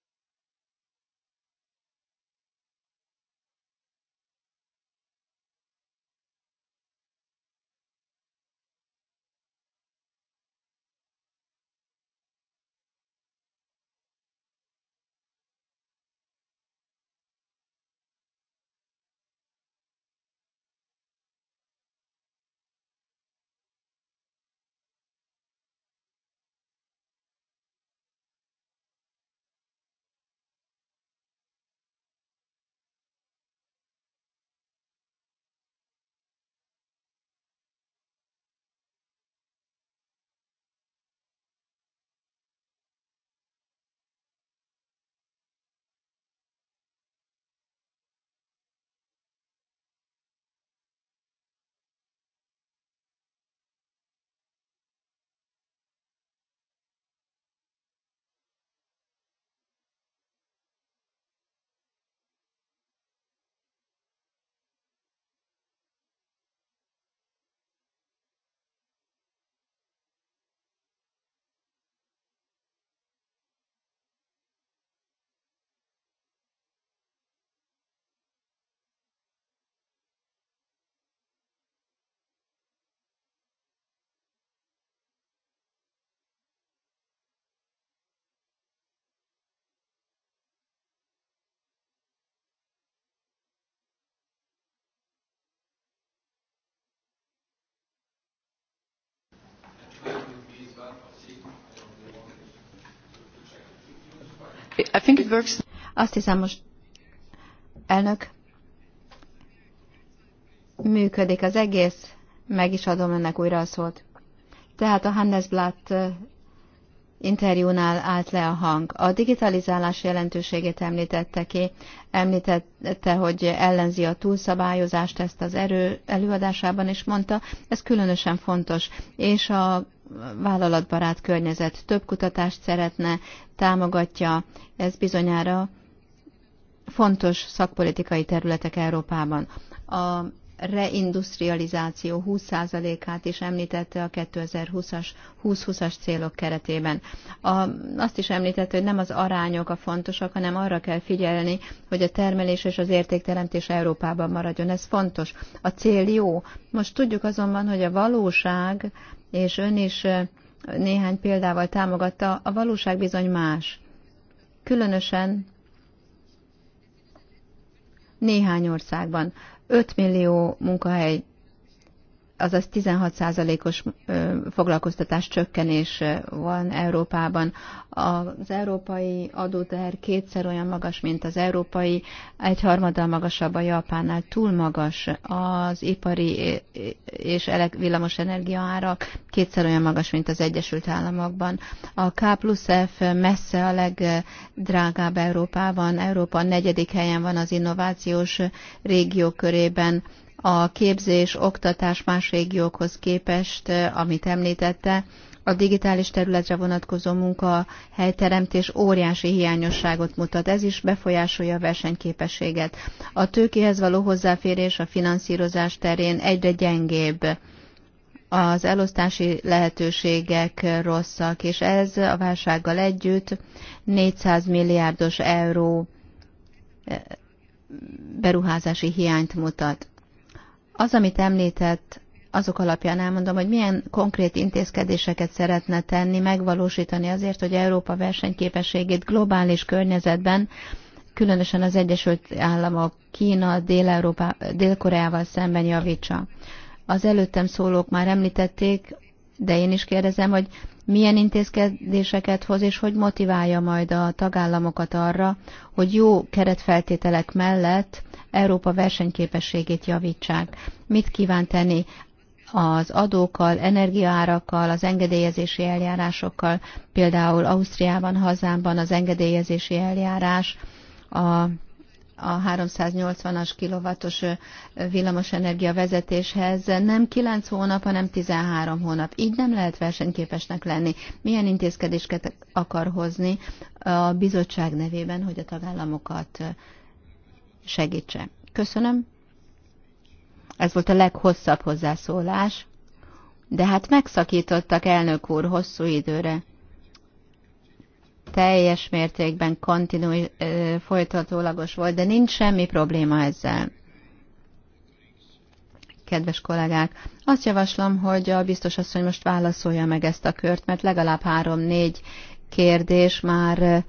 Azt hiszem most, elnök, működik az egész, meg is adom ennek újra a szót. Tehát a Handelsblatt interjúnál állt le a hang. A digitalizálás jelentőségét említette ki, említette, hogy ellenzi a túlszabályozást ezt az erő előadásában, és mondta, ez különösen fontos, és a vállalatbarát környezet. Több kutatást szeretne, támogatja. Ez bizonyára fontos szakpolitikai területek Európában. A reindustrializáció 20%-át is említette a 2020-as 2020-as célok keretében. A, azt is említette, hogy nem az arányok a fontosak, hanem arra kell figyelni, hogy a termelés és az értékteremtés Európában maradjon. Ez fontos. A cél jó. Most tudjuk azonban, hogy a valóság és ön is néhány példával támogatta, a valóság bizony más. Különösen néhány országban 5 millió munkahely azaz 16%-os foglalkoztatás csökkenés van Európában. Az európai adóter kétszer olyan magas, mint az európai, egyharmaddal magasabb a Japánnál, túl magas az ipari és villamos energia ára, kétszer olyan magas, mint az Egyesült Államokban. A K plusz F messze a legdrágább Európában, Európa negyedik helyen van az innovációs régió körében, a képzés, oktatás más régiókhoz képest, eh, amit említette, a digitális területre vonatkozó munka helyteremtés óriási hiányosságot mutat. Ez is befolyásolja a versenyképességet. A tőkéhez való hozzáférés a finanszírozás terén egyre gyengébb. Az elosztási lehetőségek rosszak, és ez a válsággal együtt 400 milliárdos euró eh, beruházási hiányt mutat. Az, amit említett, azok alapján elmondom, hogy milyen konkrét intézkedéseket szeretne tenni, megvalósítani azért, hogy Európa versenyképességét globális környezetben, különösen az Egyesült Államok, Kína, Dél-Európa, Dél-Koreával szemben javítsa. Az előttem szólók már említették, de én is kérdezem, hogy milyen intézkedéseket hoz, és hogy motiválja majd a tagállamokat arra, hogy jó keretfeltételek mellett Európa versenyképességét javítsák. Mit kíván tenni az adókkal, energiaárakkal, az engedélyezési eljárásokkal, például Ausztriában, hazámban az engedélyezési eljárás a a 380-as kilovatos villamosenergia vezetéshez nem 9 hónap, hanem 13 hónap. Így nem lehet versenyképesnek lenni. Milyen intézkedéseket akar hozni a bizottság nevében, hogy a tagállamokat segítse. Köszönöm. Ez volt a leghosszabb hozzászólás, de hát megszakítottak elnök úr hosszú időre. Teljes mértékben kontinúj, folytatólagos volt, de nincs semmi probléma ezzel. Kedves kollégák, azt javaslom, hogy a biztos asszony most válaszolja meg ezt a kört, mert legalább három-négy kérdés már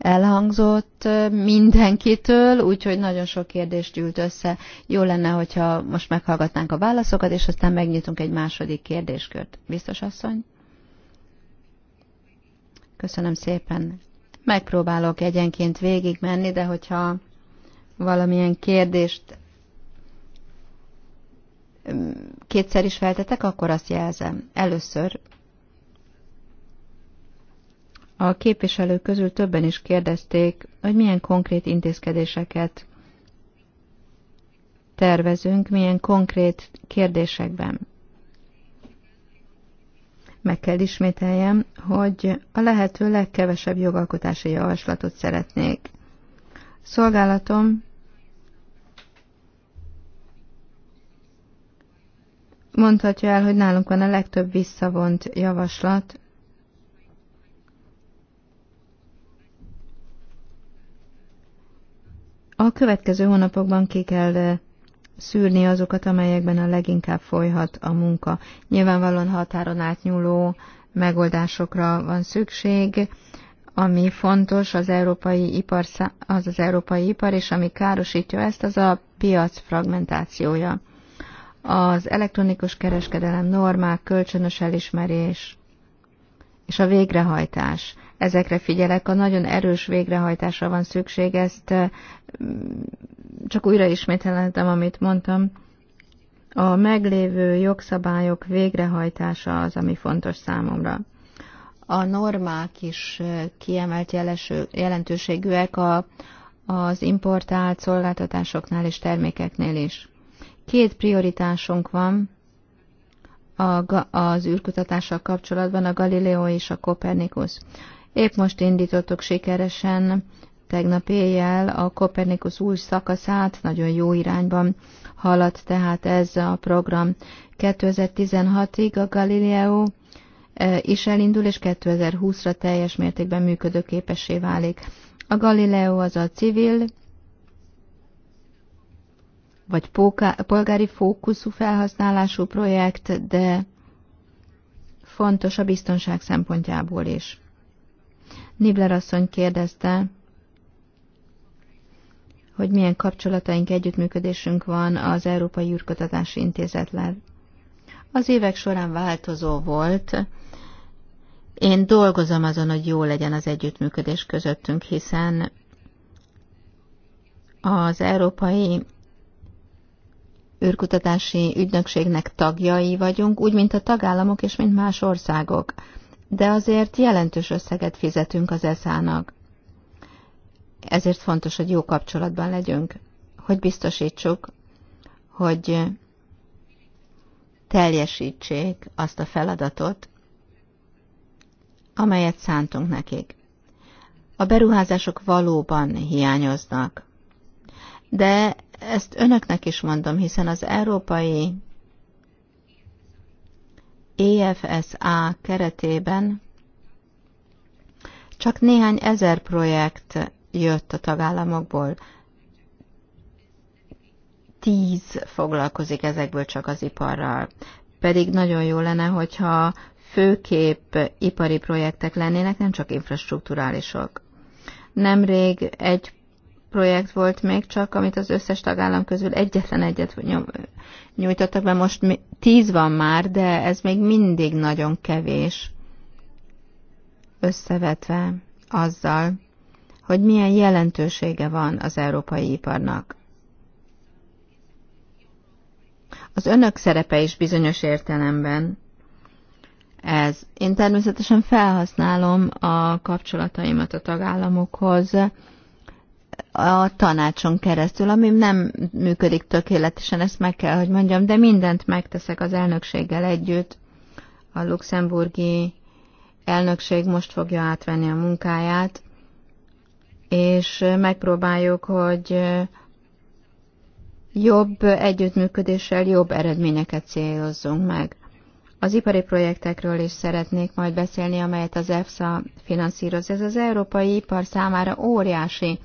elhangzott mindenkitől, úgyhogy nagyon sok kérdést gyűlt össze. Jó lenne, hogyha most meghallgatnánk a válaszokat, és aztán megnyitunk egy második kérdéskört. Biztos asszony? Köszönöm szépen. Megpróbálok egyenként végigmenni, de hogyha valamilyen kérdést kétszer is feltetek, akkor azt jelzem. Először a képviselők közül többen is kérdezték, hogy milyen konkrét intézkedéseket tervezünk, milyen konkrét kérdésekben. Meg kell ismételjem, hogy a lehető legkevesebb jogalkotási javaslatot szeretnék. Szolgálatom mondhatja el, hogy nálunk van a legtöbb visszavont javaslat, A következő hónapokban ki kell szűrni azokat, amelyekben a leginkább folyhat a munka. Nyilvánvalóan határon átnyúló megoldásokra van szükség, ami fontos az európai ipar, az az európai ipar, és ami károsítja ezt, az a piac fragmentációja. Az elektronikus kereskedelem normák, kölcsönös elismerés és a végrehajtás. Ezekre figyelek, a nagyon erős végrehajtásra van szükség, ezt csak újra ismételhetem, amit mondtam, a meglévő jogszabályok végrehajtása az, ami fontos számomra. A normák is kiemelt jeleső, jelentőségűek a, az importált szolgáltatásoknál és termékeknél is. Két prioritásunk van a, az űrkutatással kapcsolatban, a Galileo és a Copernicus. Épp most indítottuk sikeresen Tegnap éjjel a Kopernikus új szakaszát nagyon jó irányban haladt, tehát ez a program 2016-ig a Galileo e, is elindul, és 2020-ra teljes mértékben működőképessé válik. A Galileo az a civil vagy polgári fókuszú felhasználású projekt, de fontos a biztonság szempontjából is. Nibler asszony kérdezte, hogy milyen kapcsolataink, együttműködésünk van az Európai űrkutatási intézettel. Az évek során változó volt. Én dolgozom azon, hogy jó legyen az együttműködés közöttünk, hiszen az Európai űrkutatási ügynökségnek tagjai vagyunk, úgy, mint a tagállamok és mint más országok, de azért jelentős összeget fizetünk az ESZÁ-nak ezért fontos, hogy jó kapcsolatban legyünk, hogy biztosítsuk, hogy teljesítsék azt a feladatot, amelyet szántunk nekik. A beruházások valóban hiányoznak. De ezt önöknek is mondom, hiszen az európai EFSA keretében csak néhány ezer projekt jött a tagállamokból. Tíz foglalkozik ezekből csak az iparral. Pedig nagyon jó lenne, hogyha főkép ipari projektek lennének, nem csak infrastruktúrálisok. Nemrég egy projekt volt még csak, amit az összes tagállam közül egyetlen egyet nyújtottak be. Most tíz van már, de ez még mindig nagyon kevés összevetve azzal, hogy milyen jelentősége van az európai iparnak. Az önök szerepe is bizonyos értelemben ez. Én természetesen felhasználom a kapcsolataimat a tagállamokhoz a tanácson keresztül, ami nem működik tökéletesen, ezt meg kell, hogy mondjam, de mindent megteszek az elnökséggel együtt. A luxemburgi elnökség most fogja átvenni a munkáját, és megpróbáljuk, hogy jobb együttműködéssel jobb eredményeket célozzunk meg. Az ipari projektekről is szeretnék majd beszélni, amelyet az EFSA finanszíroz. Ez az európai ipar számára óriási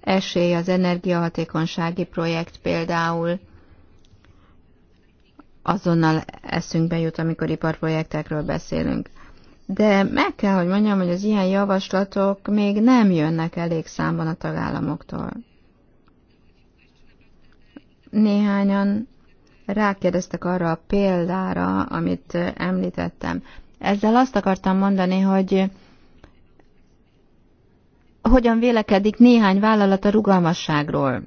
esély az energiahatékonysági projekt például. Azonnal eszünkbe jut, amikor iparprojektekről beszélünk de meg kell, hogy mondjam, hogy az ilyen javaslatok még nem jönnek elég számban a tagállamoktól. Néhányan rákérdeztek arra a példára, amit említettem. Ezzel azt akartam mondani, hogy hogyan vélekedik néhány vállalat a rugalmasságról.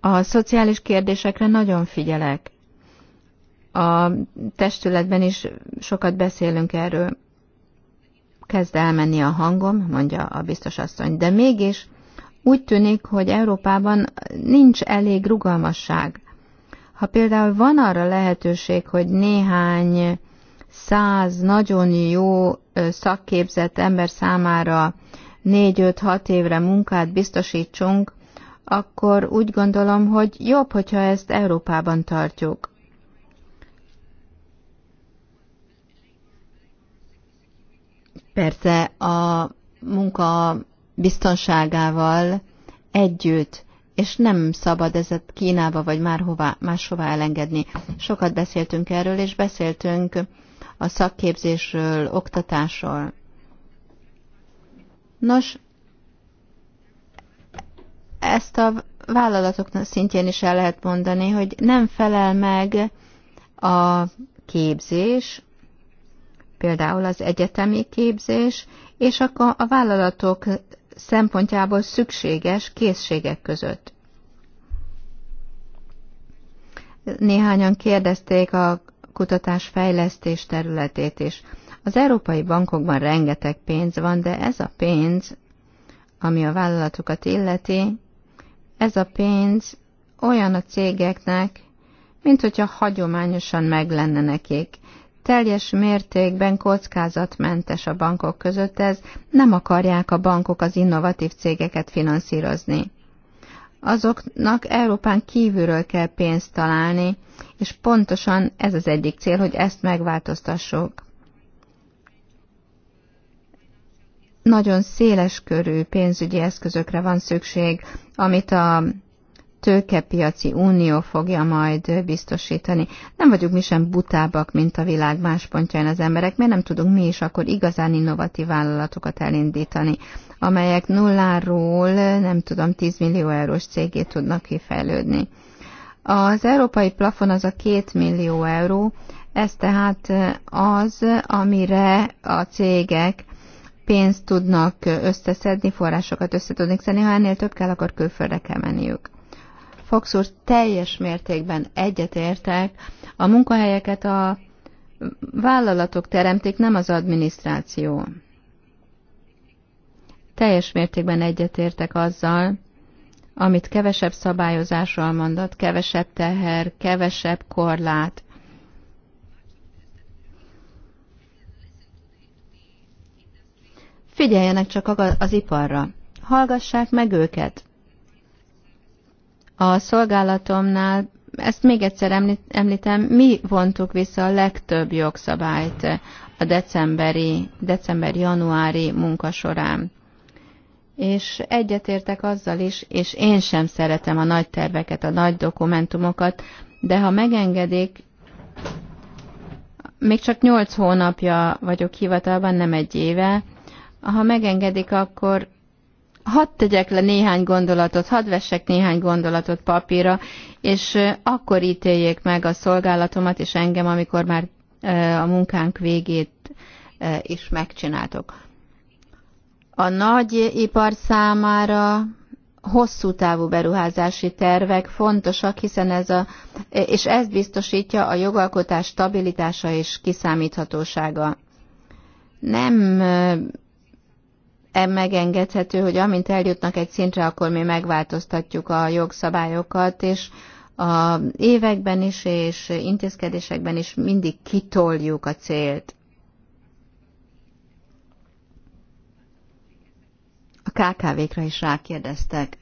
A szociális kérdésekre nagyon figyelek a testületben is sokat beszélünk erről. Kezd elmenni a hangom, mondja a biztos asszony, de mégis úgy tűnik, hogy Európában nincs elég rugalmasság. Ha például van arra lehetőség, hogy néhány száz nagyon jó szakképzett ember számára 4-5-6 évre munkát biztosítsunk, akkor úgy gondolom, hogy jobb, hogyha ezt Európában tartjuk. Persze a munka biztonságával együtt, és nem szabad ezet Kínába vagy márhová, máshová elengedni. Sokat beszéltünk erről, és beszéltünk a szakképzésről, oktatásról. Nos, ezt a vállalatok szintjén is el lehet mondani, hogy nem felel meg a képzés például az egyetemi képzés és a, a vállalatok szempontjából szükséges készségek között. Néhányan kérdezték a kutatás fejlesztés területét is. Az európai bankokban rengeteg pénz van, de ez a pénz, ami a vállalatokat illeti, ez a pénz olyan a cégeknek, mint hogyha hagyományosan meg lenne nekik teljes mértékben kockázatmentes a bankok között ez, nem akarják a bankok az innovatív cégeket finanszírozni. Azoknak Európán kívülről kell pénzt találni, és pontosan ez az egyik cél, hogy ezt megváltoztassuk. Nagyon széles körű pénzügyi eszközökre van szükség, amit a tőkepiaci unió fogja majd biztosítani. Nem vagyunk mi sem butábbak, mint a világ más pontjain az emberek, mert nem tudunk mi is akkor igazán innovatív vállalatokat elindítani, amelyek nulláról, nem tudom, 10 millió eurós cégét tudnak kifejlődni. Az európai plafon az a 2 millió euró, ez tehát az, amire a cégek pénzt tudnak összeszedni, forrásokat össze szedni, ha ennél több kell, akkor külföldre kell menniük. Fokszor teljes mértékben egyetértek. A munkahelyeket a vállalatok teremtik, nem az adminisztráció. Teljes mértékben egyetértek azzal, amit kevesebb szabályozásról mondott, kevesebb teher, kevesebb korlát. Figyeljenek csak az iparra, hallgassák meg őket, a szolgálatomnál, ezt még egyszer említem, mi vontuk vissza a legtöbb jogszabályt a decemberi, december-januári munka során. És egyetértek azzal is, és én sem szeretem a nagy terveket, a nagy dokumentumokat, de ha megengedik, még csak nyolc hónapja vagyok hivatalban, nem egy éve, ha megengedik, akkor hadd tegyek le néhány gondolatot, hadd vessek néhány gondolatot papírra, és akkor ítéljék meg a szolgálatomat és engem, amikor már a munkánk végét is megcsináltok. A nagy ipar számára hosszú távú beruházási tervek fontosak, hiszen ez a, és ez biztosítja a jogalkotás stabilitása és kiszámíthatósága. Nem E megengedhető, hogy amint eljutnak egy szintre, akkor mi megváltoztatjuk a jogszabályokat, és a években is és intézkedésekben is mindig kitoljuk a célt. A KKV-kra is rákérdeztek.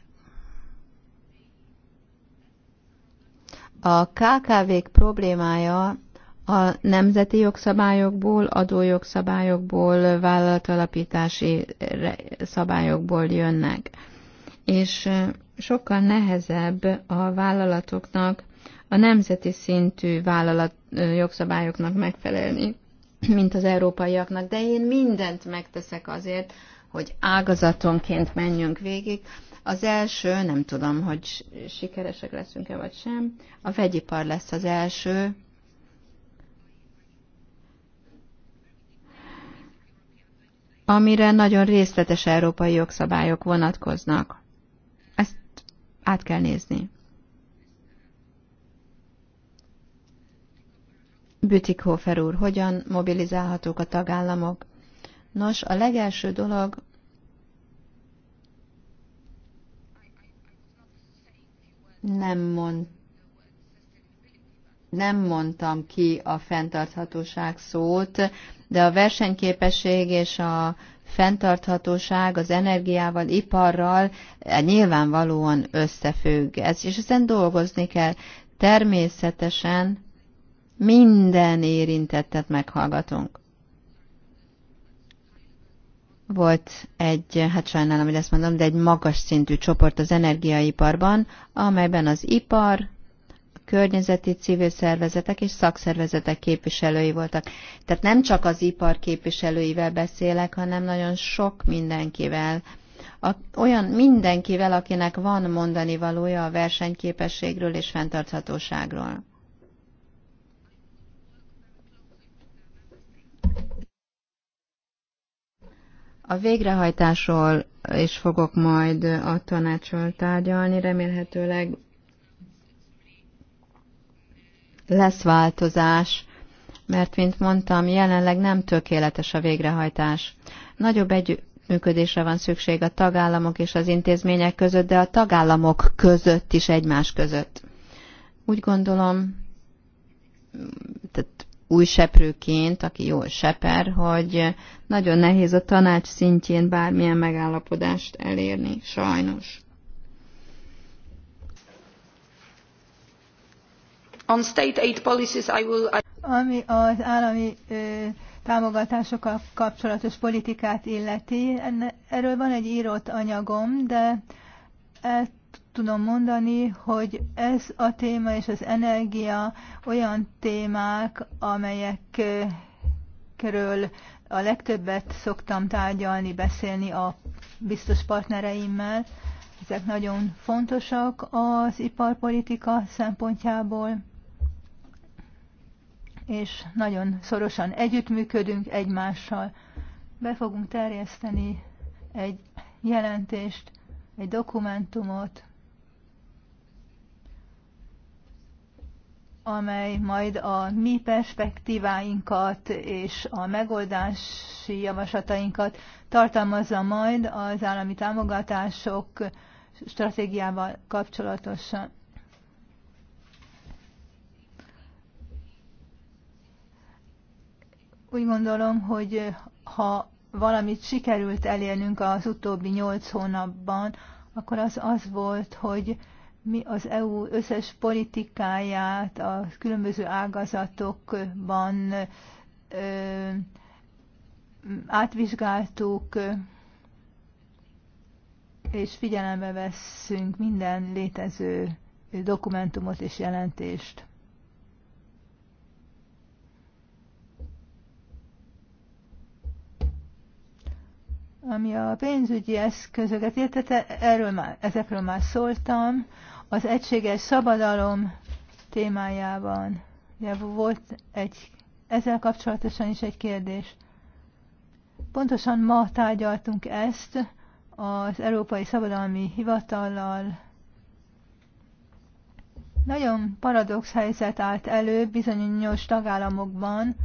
A KKV-k problémája a nemzeti jogszabályokból, adójogszabályokból, vállalatalapítási szabályokból jönnek. És sokkal nehezebb a vállalatoknak a nemzeti szintű vállalat jogszabályoknak megfelelni, mint az európaiaknak, de én mindent megteszek azért, hogy ágazatonként menjünk végig. Az első, nem tudom, hogy sikeresek leszünk-e vagy sem, a vegyipar lesz az első, amire nagyon részletes európai jogszabályok vonatkoznak. Ezt át kell nézni. Bütikhofer úr, hogyan mobilizálhatók a tagállamok? Nos, a legelső dolog, nem mond, nem mondtam ki a fenntarthatóság szót, de a versenyképesség és a fenntarthatóság az energiával, iparral nyilvánvalóan összefügg ez, és ezen dolgozni kell. Természetesen minden érintettet meghallgatunk. Volt egy, hát sajnálom, hogy ezt mondom, de egy magas szintű csoport az energiaiparban, amelyben az ipar, környezeti civil szervezetek és szakszervezetek képviselői voltak. Tehát nem csak az ipar képviselőivel beszélek, hanem nagyon sok mindenkivel. A, olyan mindenkivel, akinek van mondani valója a versenyképességről és fenntarthatóságról. A végrehajtásról is fogok majd a tanácsról tárgyalni, remélhetőleg lesz változás, mert, mint mondtam, jelenleg nem tökéletes a végrehajtás. Nagyobb egy működésre van szükség a tagállamok és az intézmények között, de a tagállamok között is egymás között. Úgy gondolom, tehát új seprőként, aki jól seper, hogy nagyon nehéz a tanács szintjén bármilyen megállapodást elérni, sajnos. Ami az állami támogatásokkal kapcsolatos politikát illeti, erről van egy írott anyagom, de el tudom mondani, hogy ez a téma és az energia olyan témák, amelyek körül a legtöbbet szoktam tárgyalni, beszélni a biztos partnereimmel. Ezek nagyon fontosak az iparpolitika szempontjából és nagyon szorosan együttműködünk egymással. Be fogunk terjeszteni egy jelentést, egy dokumentumot, amely majd a mi perspektíváinkat és a megoldási javaslatainkat tartalmazza majd az állami támogatások stratégiával kapcsolatosan. Úgy gondolom, hogy ha valamit sikerült elérnünk az utóbbi nyolc hónapban, akkor az az volt, hogy mi az EU összes politikáját a különböző ágazatokban ö, átvizsgáltuk, és figyelembe vesszünk minden létező dokumentumot és jelentést. Ami a pénzügyi eszközöket értette, erről már, ezekről már szóltam, az egységes szabadalom témájában. Ugye volt egy, ezzel kapcsolatosan is egy kérdés. Pontosan ma tárgyaltunk ezt az Európai Szabadalmi Hivatallal. Nagyon paradox helyzet állt elő bizonyos tagállamokban,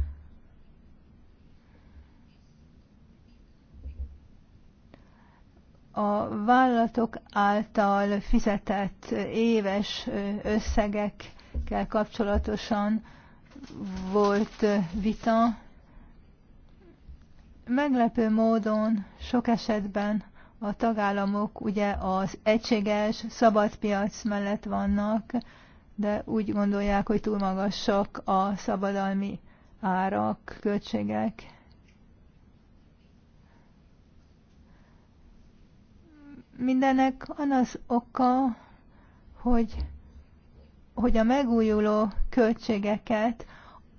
a vállalatok által fizetett éves összegekkel kapcsolatosan volt vita. Meglepő módon sok esetben a tagállamok ugye az egységes szabadpiac mellett vannak, de úgy gondolják, hogy túl magasak a szabadalmi árak, költségek. Mindennek van az oka, hogy, hogy a megújuló költségeket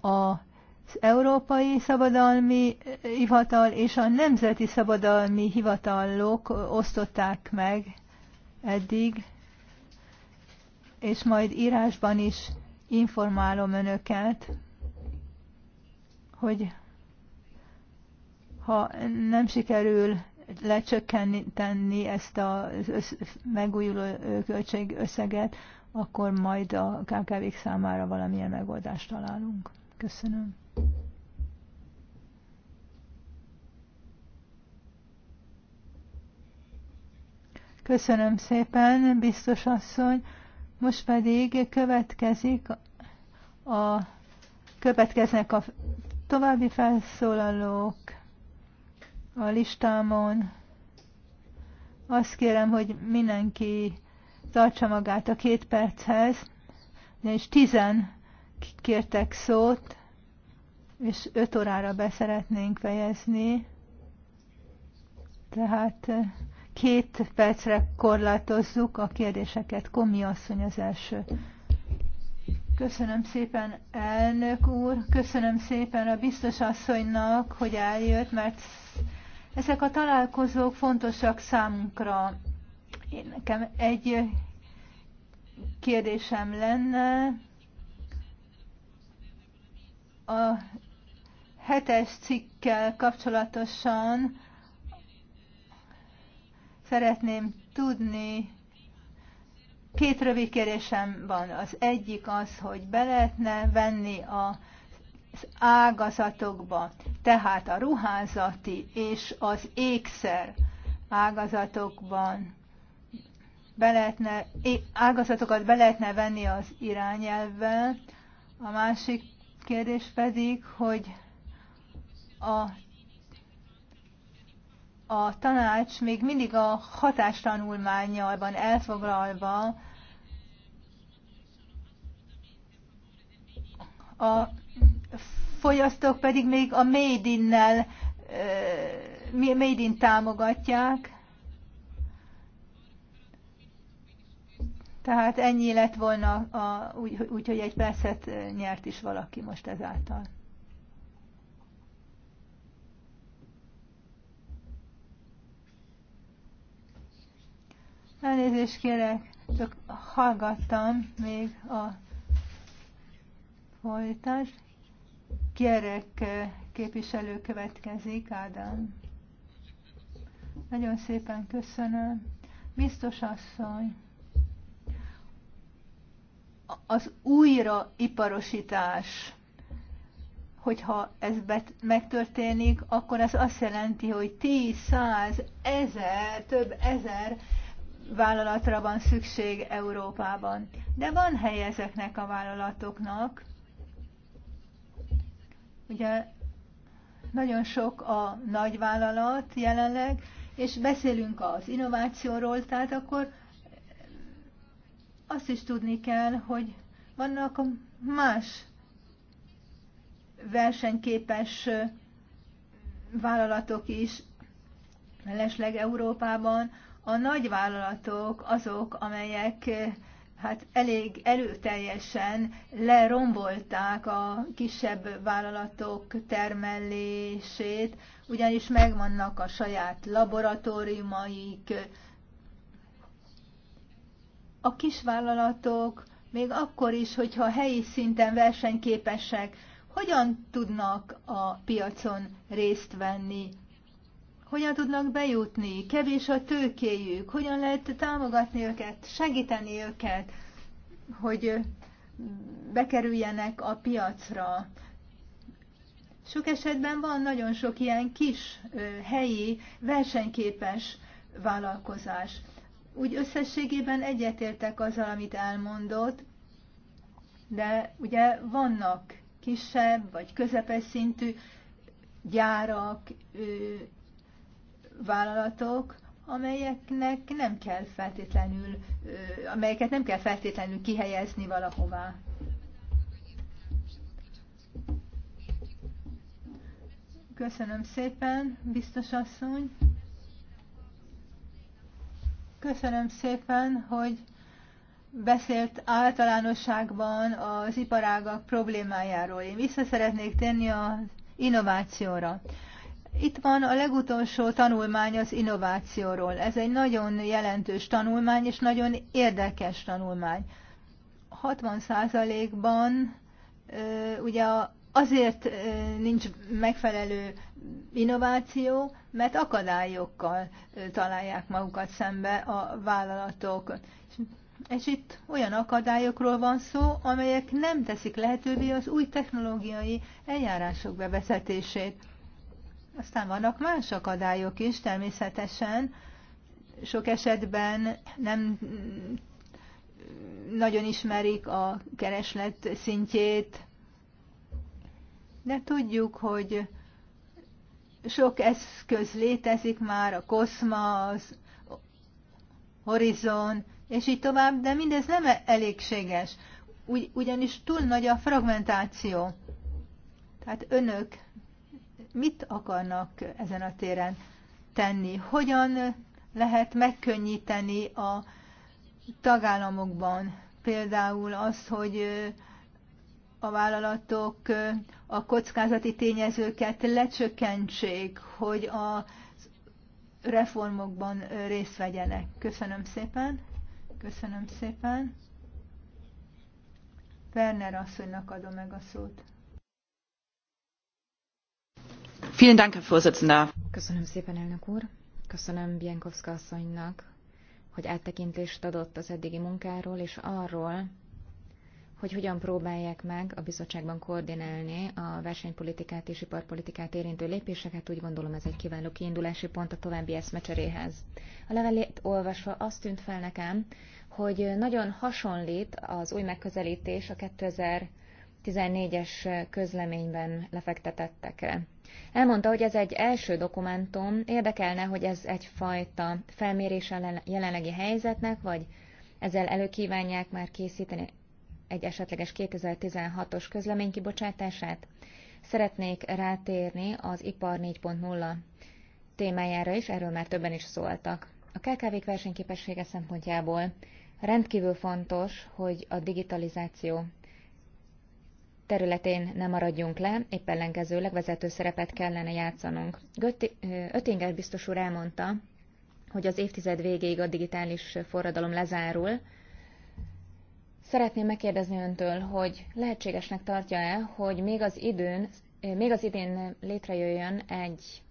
a az Európai Szabadalmi Hivatal és a Nemzeti Szabadalmi Hivatalok osztották meg eddig, és majd írásban is informálom önöket, hogy ha nem sikerül lecsökkenteni ezt a megújuló összeget, akkor majd a kkv számára valamilyen megoldást találunk. Köszönöm. Köszönöm szépen, biztos asszony. Most pedig következik a, következnek a további felszólalók a listámon. Azt kérem, hogy mindenki tartsa magát a két perchez, és tizen kértek szót, és öt órára beszeretnénk fejezni. Tehát eh, két percre korlátozzuk a kérdéseket. Komi asszony az első. Köszönöm szépen, elnök úr, köszönöm szépen a biztos asszonynak, hogy eljött, mert ezek a találkozók fontosak számunkra. Én nekem egy kérdésem lenne. A hetes cikkkel kapcsolatosan szeretném tudni, két rövid kérdésem van. Az egyik az, hogy be lehetne venni az ágazatokba tehát a ruházati és az ékszer ágazatokban be lehetne, ágazatokat be lehetne venni az irányelvvel. A másik kérdés pedig, hogy a, a tanács még mindig a hatástanulmányjal van elfoglalva a fogyasztók pedig még a Made in-nel, Made in támogatják. Tehát ennyi lett volna, a, úgy, úgy, hogy egy percet nyert is valaki most ezáltal. Elnézést kérek, csak hallgattam még a folytást. Gyerek eh, képviselő következik, Ádám. Nagyon szépen köszönöm. Biztos asszony, az újraiparosítás, hogyha ez megtörténik, akkor ez azt jelenti, hogy 10, 100, 1000, több ezer vállalatra van szükség Európában. De van hely ezeknek a vállalatoknak, Ugye nagyon sok a nagyvállalat jelenleg, és beszélünk az innovációról, tehát akkor azt is tudni kell, hogy vannak más versenyképes vállalatok is, mellesleg Európában. A nagyvállalatok azok, amelyek hát elég erőteljesen lerombolták a kisebb vállalatok termelését, ugyanis megvannak a saját laboratóriumaik. A kisvállalatok még akkor is, hogyha helyi szinten versenyképesek, hogyan tudnak a piacon részt venni hogyan tudnak bejutni, kevés a tőkéjük, hogyan lehet támogatni őket, segíteni őket, hogy bekerüljenek a piacra. Sok esetben van nagyon sok ilyen kis helyi versenyképes vállalkozás. Úgy összességében egyetértek azzal, amit elmondott, de ugye vannak kisebb vagy közepes szintű gyárak, vállalatok, amelyeknek nem kell feltétlenül, amelyeket nem kell feltétlenül kihelyezni valahová. Köszönöm szépen, biztos asszony. Köszönöm szépen, hogy beszélt általánosságban az iparágak problémájáról. Én vissza szeretnék tenni az innovációra. Itt van a legutolsó tanulmány az innovációról. Ez egy nagyon jelentős tanulmány, és nagyon érdekes tanulmány. 60%-ban ugye azért nincs megfelelő innováció, mert akadályokkal találják magukat szembe a vállalatok. És itt olyan akadályokról van szó, amelyek nem teszik lehetővé az új technológiai eljárások bevezetését. Aztán vannak más akadályok is természetesen. Sok esetben nem nagyon ismerik a kereslet szintjét, de tudjuk, hogy sok eszköz létezik már, a koszma, az horizon, és így tovább, de mindez nem elégséges, ugyanis túl nagy a fragmentáció. Tehát önök mit akarnak ezen a téren tenni, hogyan lehet megkönnyíteni a tagállamokban például az, hogy a vállalatok a kockázati tényezőket lecsökkentsék, hogy a reformokban részt vegyenek. Köszönöm szépen. Köszönöm szépen. Werner asszonynak adom meg a szót. Vielen Dank, Herr Vorsitzender. Köszönöm szépen, elnök úr. Köszönöm Bienkowska asszonynak, hogy áttekintést adott az eddigi munkáról, és arról, hogy hogyan próbálják meg a bizottságban koordinálni a versenypolitikát és iparpolitikát érintő lépéseket, úgy gondolom ez egy kiváló kiindulási pont a további eszmecseréhez. A levelét olvasva azt tűnt fel nekem, hogy nagyon hasonlít az új megközelítés a 2000 2014-es közleményben lefektetettek. Elmondta, hogy ez egy első dokumentum, érdekelne, hogy ez egyfajta felmérés a jelenlegi helyzetnek, vagy ezzel előkívánják már készíteni egy esetleges 2016-os közlemény kibocsátását. Szeretnék rátérni az Ipar 4.0 témájára is, erről már többen is szóltak. A KKV-k versenyképessége szempontjából rendkívül fontos, hogy a digitalizáció területén nem maradjunk le, épp ellenkezőleg vezető szerepet kellene játszanunk. Ötinger biztos úr elmondta, hogy az évtized végéig a digitális forradalom lezárul. Szeretném megkérdezni öntől, hogy lehetségesnek tartja-e, hogy még az időn, még az idén létrejöjjön egy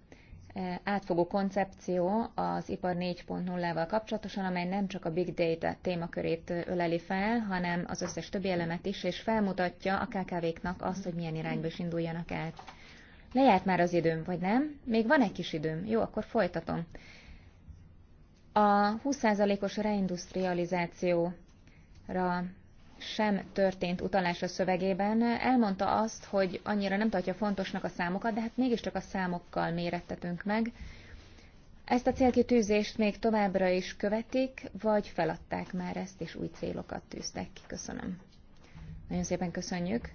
E, átfogó koncepció az ipar 4.0-val kapcsolatosan, amely nem csak a big data témakörét öleli fel, hanem az összes többi elemet is, és felmutatja a KKV-knak azt, hogy milyen irányba is induljanak el. Lejárt már az időm, vagy nem? Még van egy kis időm. Jó, akkor folytatom. A 20%-os reindustrializációra sem történt utalás a szövegében, elmondta azt, hogy annyira nem tartja fontosnak a számokat, de hát mégiscsak a számokkal mérettetünk meg. Ezt a célkitűzést még továbbra is követik, vagy feladták már ezt, és új célokat tűztek ki. Köszönöm. Nagyon szépen köszönjük.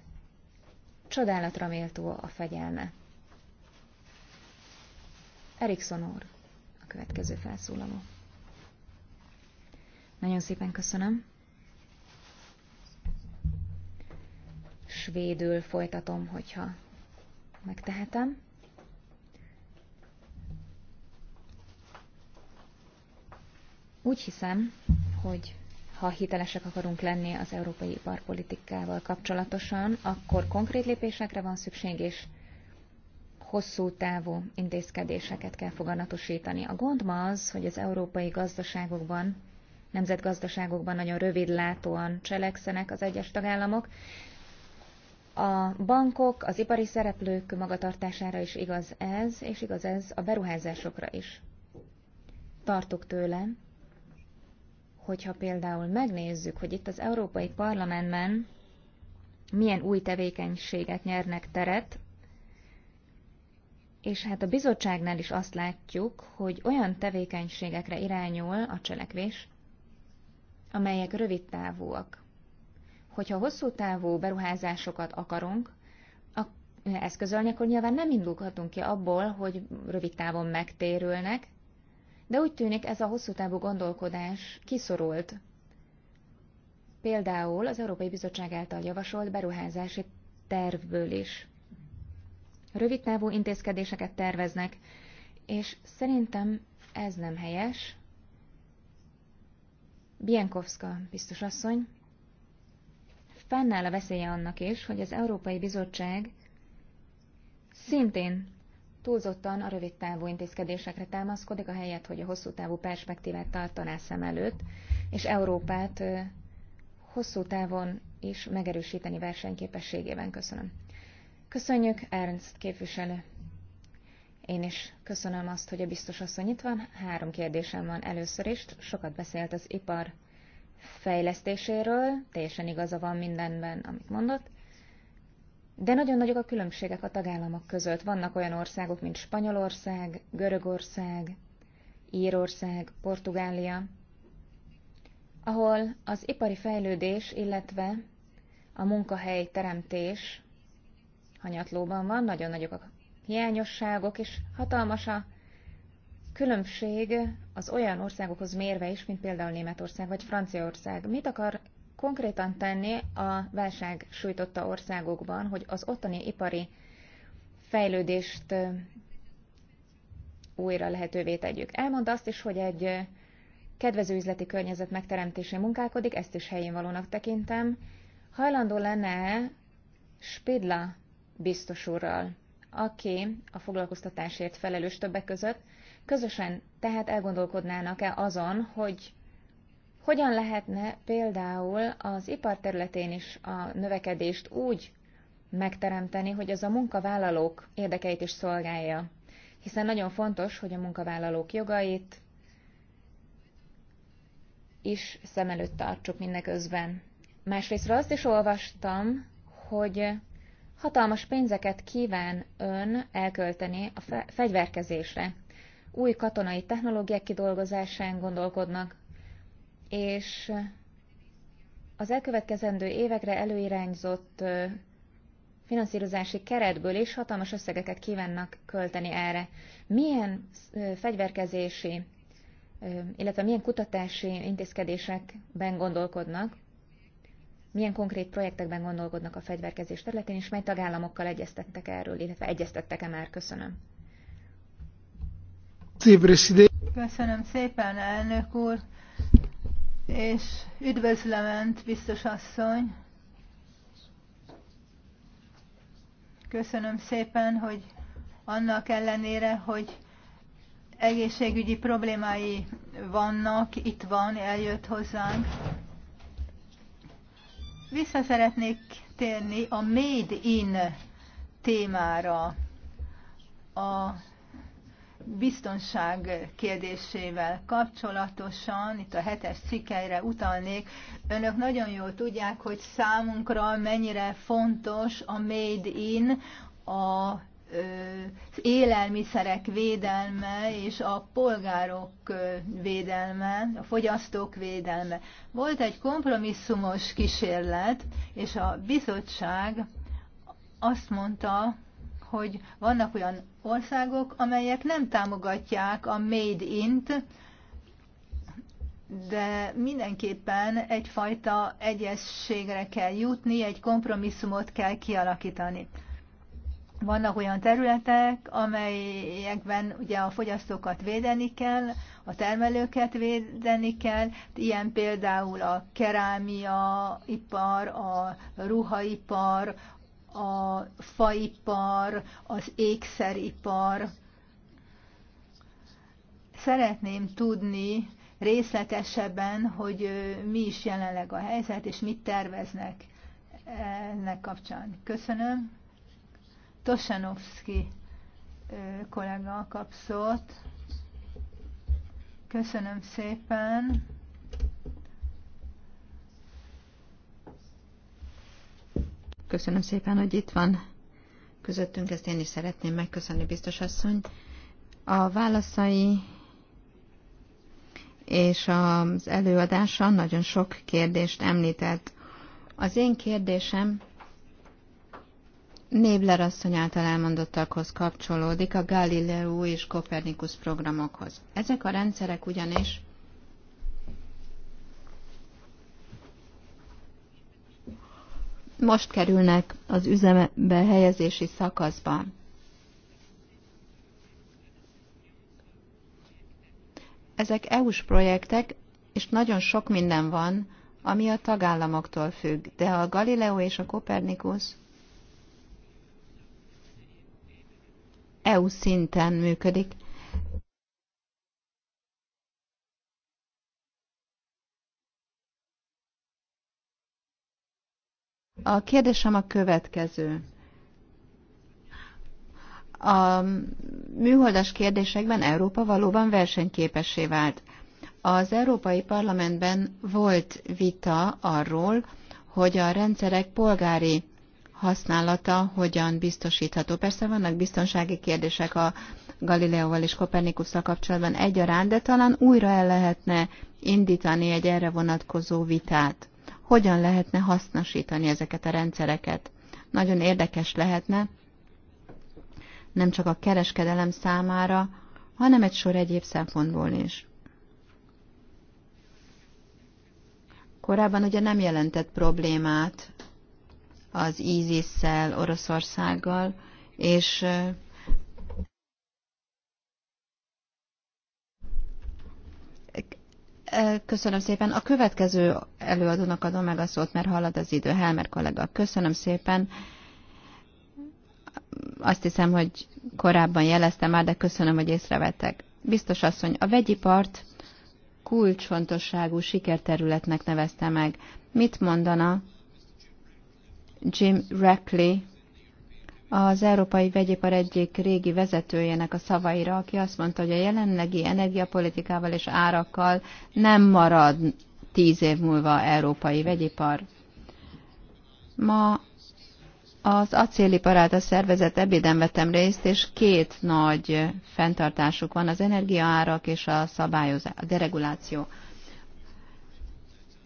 Csodálatra méltó a fegyelme. Erikson úr, a következő felszólaló. Nagyon szépen köszönöm. svédül folytatom, hogyha megtehetem. Úgy hiszem, hogy ha hitelesek akarunk lenni az európai iparpolitikával kapcsolatosan, akkor konkrét lépésekre van szükség, és hosszú távú intézkedéseket kell foganatosítani. A gond ma az, hogy az európai gazdaságokban, nemzetgazdaságokban nagyon rövidlátóan cselekszenek az egyes tagállamok, a bankok, az ipari szereplők magatartására is igaz ez, és igaz ez a beruházásokra is. Tartok tőle, hogyha például megnézzük, hogy itt az Európai Parlamentben milyen új tevékenységet nyernek teret, és hát a bizottságnál is azt látjuk, hogy olyan tevékenységekre irányul a cselekvés, amelyek rövid távúak hogyha hosszú távú beruházásokat akarunk, eszközölni, akkor nyilván nem indulhatunk ki abból, hogy rövid távon megtérülnek, de úgy tűnik ez a hosszú távú gondolkodás kiszorult. Például az Európai Bizottság által javasolt beruházási tervből is. Rövid távú intézkedéseket terveznek, és szerintem ez nem helyes. Bienkowska biztos asszony, fennáll a veszélye annak is, hogy az Európai Bizottság szintén túlzottan a rövid távú intézkedésekre támaszkodik, a helyet, hogy a hosszú távú perspektívát tartaná szem előtt, és Európát hosszú távon is megerősíteni versenyképességében. Köszönöm. Köszönjük, Ernst képviselő. Én is köszönöm azt, hogy a biztos asszony itt van. Három kérdésem van először is. Sokat beszélt az ipar fejlesztéséről, teljesen igaza van mindenben, amit mondott, de nagyon nagyok a különbségek a tagállamok között. Vannak olyan országok, mint Spanyolország, Görögország, Írország, Portugália, ahol az ipari fejlődés, illetve a munkahely teremtés hanyatlóban van, nagyon nagyok a hiányosságok, és hatalmas a különbség az olyan országokhoz mérve is, mint például Németország vagy Franciaország. Mit akar konkrétan tenni a válság sújtotta országokban, hogy az ottani ipari fejlődést újra lehetővé tegyük. Elmond azt is, hogy egy kedvező üzleti környezet megteremtésén munkálkodik, ezt is helyén valónak tekintem. Hajlandó lenne Spidla biztos úrral aki a foglalkoztatásért felelős többek között, közösen tehát elgondolkodnának-e azon, hogy hogyan lehetne például az ipar területén is a növekedést úgy megteremteni, hogy ez a munkavállalók érdekeit is szolgálja. Hiszen nagyon fontos, hogy a munkavállalók jogait is szem előtt tartsuk mindeközben. Másrészt azt is olvastam, hogy Hatalmas pénzeket kíván ön elkölteni a fegyverkezésre. Új katonai technológiák kidolgozásán gondolkodnak, és az elkövetkezendő évekre előirányzott finanszírozási keretből is hatalmas összegeket kívánnak költeni erre. Milyen fegyverkezési, illetve milyen kutatási intézkedésekben gondolkodnak, milyen konkrét projektekben gondolkodnak a fegyverkezés területén, és mely tagállamokkal egyeztettek erről, illetve egyeztettek-e már? Köszönöm. Köszönöm szépen, elnök úr, és üdvözlöm Önt, biztos asszony. Köszönöm szépen, hogy annak ellenére, hogy egészségügyi problémái vannak, itt van, eljött hozzánk. Vissza szeretnék térni a Made in témára, a biztonság kérdésével kapcsolatosan, itt a hetes cikkeire utalnék. Önök nagyon jól tudják, hogy számunkra mennyire fontos a Made in, a élelmiszerek védelme és a polgárok védelme, a fogyasztók védelme. Volt egy kompromisszumos kísérlet, és a bizottság azt mondta, hogy vannak olyan országok, amelyek nem támogatják a made int, de mindenképpen egyfajta egyességre kell jutni, egy kompromisszumot kell kialakítani. Vannak olyan területek, amelyekben ugye a fogyasztókat védeni kell, a termelőket védeni kell, ilyen például a kerámia ipar, a ruhaipar, a faipar, az ékszeripar. Szeretném tudni részletesebben, hogy mi is jelenleg a helyzet, és mit terveznek ennek kapcsán. Köszönöm. Tosanovski kollega kap szót. Köszönöm szépen. Köszönöm szépen, hogy itt van közöttünk, ezt én is szeretném megköszönni, biztos asszony. A válaszai és az előadása nagyon sok kérdést említett. Az én kérdésem Nébler asszony által elmondottakhoz kapcsolódik a Galileo és Kopernikus programokhoz. Ezek a rendszerek ugyanis most kerülnek az üzembe helyezési szakaszba. Ezek EU-s projektek, és nagyon sok minden van, ami a tagállamoktól függ, de a Galileo és a Kopernikus – EU szinten működik. A kérdésem a következő. A műholdas kérdésekben Európa valóban versenyképessé vált. Az Európai Parlamentben volt vita arról, hogy a rendszerek polgári használata hogyan biztosítható. Persze vannak biztonsági kérdések a Galileóval és Kopernikusszal kapcsolatban egyaránt, de talán újra el lehetne indítani egy erre vonatkozó vitát. Hogyan lehetne hasznosítani ezeket a rendszereket? Nagyon érdekes lehetne, nem csak a kereskedelem számára, hanem egy sor egyéb szempontból is. Korábban ugye nem jelentett problémát az ISIS-szel, Oroszországgal, és Köszönöm szépen. A következő előadónak adom meg a szót, mert halad az idő. Helmer kollega, köszönöm szépen. Azt hiszem, hogy korábban jeleztem már, de köszönöm, hogy észrevettek. Biztos asszony, a vegyipart kulcsfontosságú sikerterületnek nevezte meg. Mit mondana Jim Rackley, az Európai Vegyipar egyik régi vezetőjének a szavaira, aki azt mondta, hogy a jelenlegi energiapolitikával és árakkal nem marad tíz év múlva európai vegyipar. Ma az acéliparát a szervezet ebéden vettem részt, és két nagy fenntartásuk van, az energiaárak és a szabályozás, a dereguláció.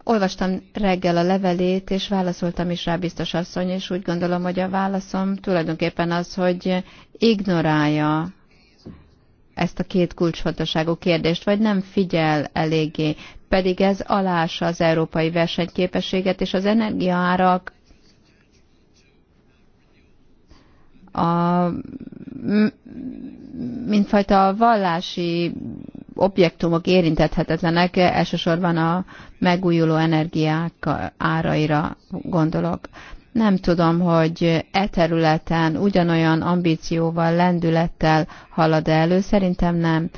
Olvastam reggel a levelét, és válaszoltam is rá biztos asszony, és úgy gondolom, hogy a válaszom tulajdonképpen az, hogy ignorálja ezt a két kulcsfontosságú kérdést, vagy nem figyel eléggé, pedig ez alása az európai versenyképességet, és az energiaárak a, mindfajta vallási objektumok érintethetetlenek, elsősorban a megújuló energiák áraira gondolok. Nem tudom, hogy e területen ugyanolyan ambícióval, lendülettel halad elő, szerintem nem.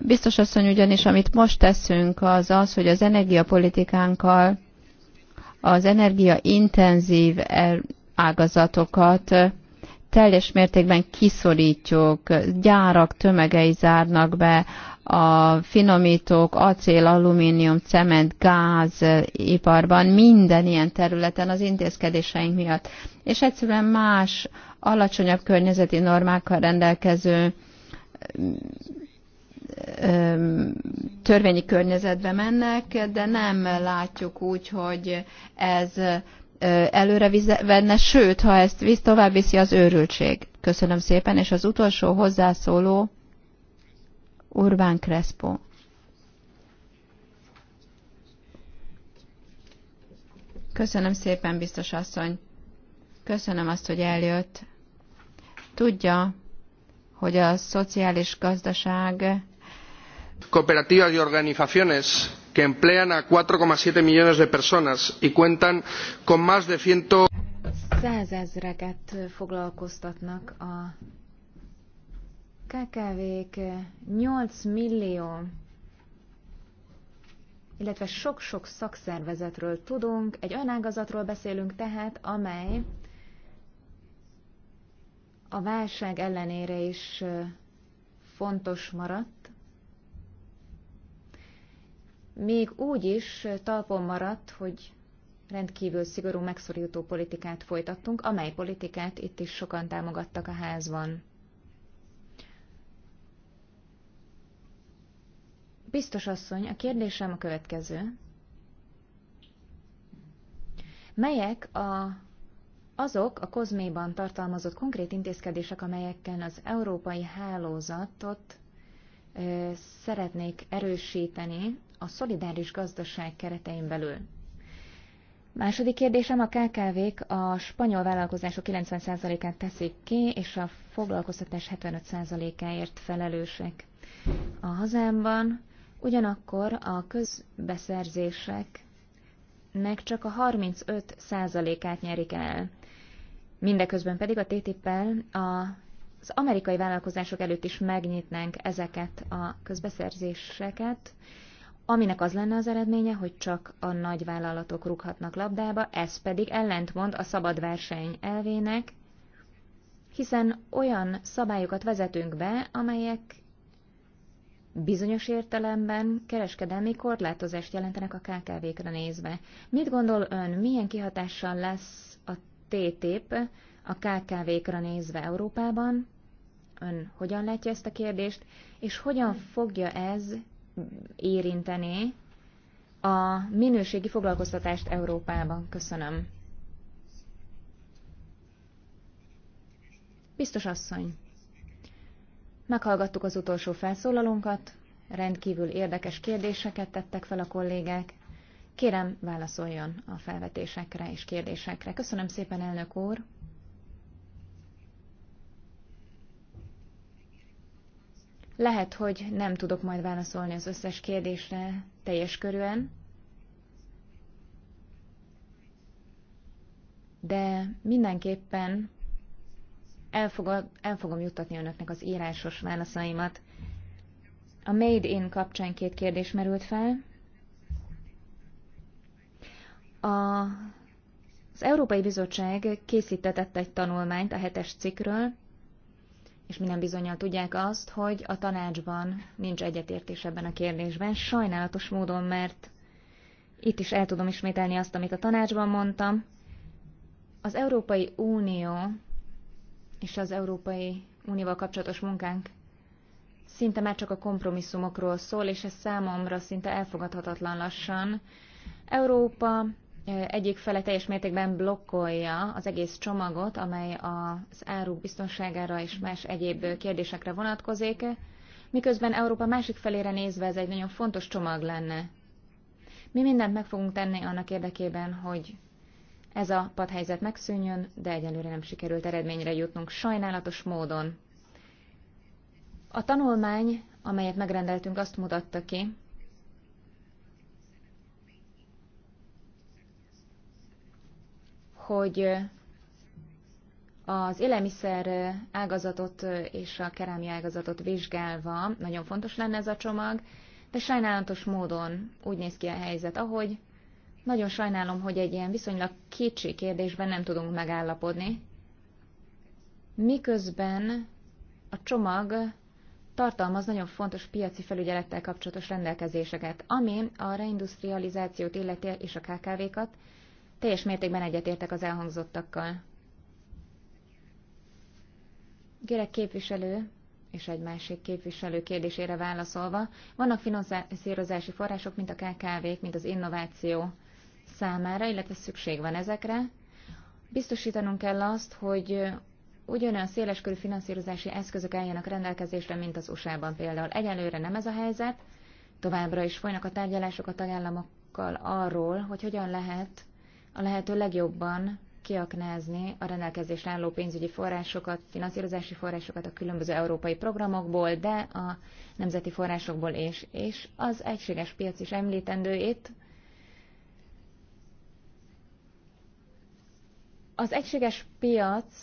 Biztos asszony ugyanis, amit most teszünk, az az, hogy az energiapolitikánkkal az energiaintenzív er- ágazatokat teljes mértékben kiszorítjuk, gyárak tömegei zárnak be, a finomítók, acél, alumínium, cement, gáz eh, iparban, minden ilyen területen az intézkedéseink miatt. És egyszerűen más, alacsonyabb környezeti normákkal rendelkező eh, törvényi környezetbe mennek, de nem látjuk úgy, hogy ez előre venne, sőt, ha ezt visz, tovább viszi az őrültség. Köszönöm szépen, és az utolsó hozzászóló Urbán Crespo. Köszönöm szépen, biztos asszony. Köszönöm azt, hogy eljött. Tudja, hogy a szociális gazdaság Cooperativas y organizaciones que emplean a cuatro siete millones de personas y cuentan con más de ciento. százezreket foglalkoztatnak a KKV-k 8 millió, illetve sok-sok szakszervezetről tudunk, egy olyan ágazatról beszélünk tehát, amely a válság ellenére is fontos maradt, még úgy is talpon maradt, hogy rendkívül szigorú megszorító politikát folytattunk, amely politikát itt is sokan támogattak a házban. Biztos asszony, a kérdésem a következő. Melyek a, azok a kozméban tartalmazott konkrét intézkedések, amelyekkel az európai hálózatot ö, szeretnék erősíteni a szolidáris gazdaság keretein belül. Második kérdésem, a KKV-k a spanyol vállalkozások 90%-át teszik ki, és a foglalkoztatás 75%-áért felelősek. A hazámban ugyanakkor a közbeszerzéseknek csak a 35%-át nyerik el. Mindeközben pedig a TTIP-el az amerikai vállalkozások előtt is megnyitnánk ezeket a közbeszerzéseket, aminek az lenne az eredménye, hogy csak a nagyvállalatok rúghatnak labdába, ez pedig ellentmond a szabad verseny elvének, hiszen olyan szabályokat vezetünk be, amelyek bizonyos értelemben kereskedelmi korlátozást jelentenek a KKV-kra nézve. Mit gondol ön, milyen kihatással lesz a TTIP a KKV-kra nézve Európában? Ön hogyan látja ezt a kérdést, és hogyan fogja ez érintené a minőségi foglalkoztatást Európában. Köszönöm. Biztos asszony. Meghallgattuk az utolsó felszólalónkat, rendkívül érdekes kérdéseket tettek fel a kollégák. Kérem, válaszoljon a felvetésekre és kérdésekre. Köszönöm szépen, elnök úr! Lehet, hogy nem tudok majd válaszolni az összes kérdésre teljes körűen, de mindenképpen el, fogod, el fogom juttatni önöknek az írásos válaszaimat. A Made in kapcsán két kérdés merült fel. A, az Európai Bizottság készítetett egy tanulmányt a hetes cikkről, és minden bizonyal tudják azt, hogy a tanácsban nincs egyetértés ebben a kérdésben. Sajnálatos módon, mert itt is el tudom ismételni azt, amit a tanácsban mondtam. Az Európai Unió és az Európai Unióval kapcsolatos munkánk szinte már csak a kompromisszumokról szól, és ez számomra szinte elfogadhatatlan lassan. Európa egyik fele teljes mértékben blokkolja az egész csomagot, amely az áruk biztonságára és más egyéb kérdésekre vonatkozik, miközben Európa másik felére nézve ez egy nagyon fontos csomag lenne. Mi mindent meg fogunk tenni annak érdekében, hogy ez a padhelyzet megszűnjön, de egyelőre nem sikerült eredményre jutnunk sajnálatos módon. A tanulmány, amelyet megrendeltünk, azt mutatta ki, hogy az élelmiszer ágazatot és a kerámia ágazatot vizsgálva nagyon fontos lenne ez a csomag, de sajnálatos módon úgy néz ki a helyzet, ahogy nagyon sajnálom, hogy egy ilyen viszonylag kicsi kérdésben nem tudunk megállapodni, miközben a csomag tartalmaz nagyon fontos piaci felügyelettel kapcsolatos rendelkezéseket, ami a reindustrializációt illeti és a KKV-kat, teljes mértékben egyetértek az elhangzottakkal. Gyerek képviselő és egy másik képviselő kérdésére válaszolva, vannak finanszírozási források, mint a KKV-k, mint az innováció számára, illetve szükség van ezekre. Biztosítanunk kell azt, hogy ugyanolyan széleskörű finanszírozási eszközök álljanak rendelkezésre, mint az USA-ban például. Egyelőre nem ez a helyzet, továbbra is folynak a tárgyalások a tagállamokkal arról, hogy hogyan lehet a lehető legjobban kiaknázni a rendelkezésre álló pénzügyi forrásokat, finanszírozási forrásokat a különböző európai programokból, de a nemzeti forrásokból is. És az egységes piac is említendő itt. Az egységes piac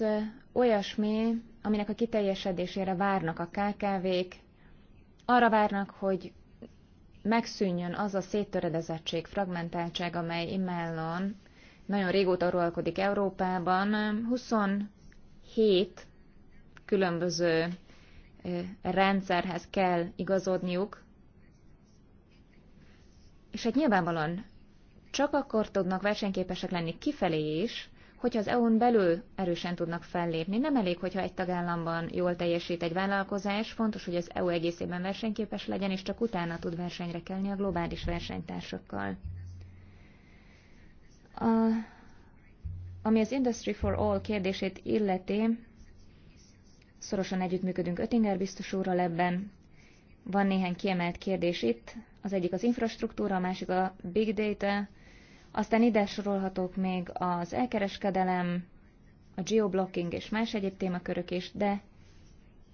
olyasmi, aminek a kiteljesedésére várnak a KKV-k, arra várnak, hogy megszűnjön az a széttöredezettség, fragmentáltság, amely immellon nagyon régóta uralkodik Európában. 27 különböző rendszerhez kell igazodniuk, és hát nyilvánvalóan csak akkor tudnak versenyképesek lenni kifelé is, hogyha az EU-n belül erősen tudnak fellépni. Nem elég, hogyha egy tagállamban jól teljesít egy vállalkozás, fontos, hogy az EU egészében versenyképes legyen, és csak utána tud versenyre kelni a globális versenytársakkal. A, ami az Industry for All kérdését illeti, szorosan együttműködünk Ötinger biztos úrral ebben. Van néhány kiemelt kérdés itt, az egyik az infrastruktúra, a másik a big data, aztán ide sorolhatók még az elkereskedelem, a geoblocking és más egyéb témakörök is, de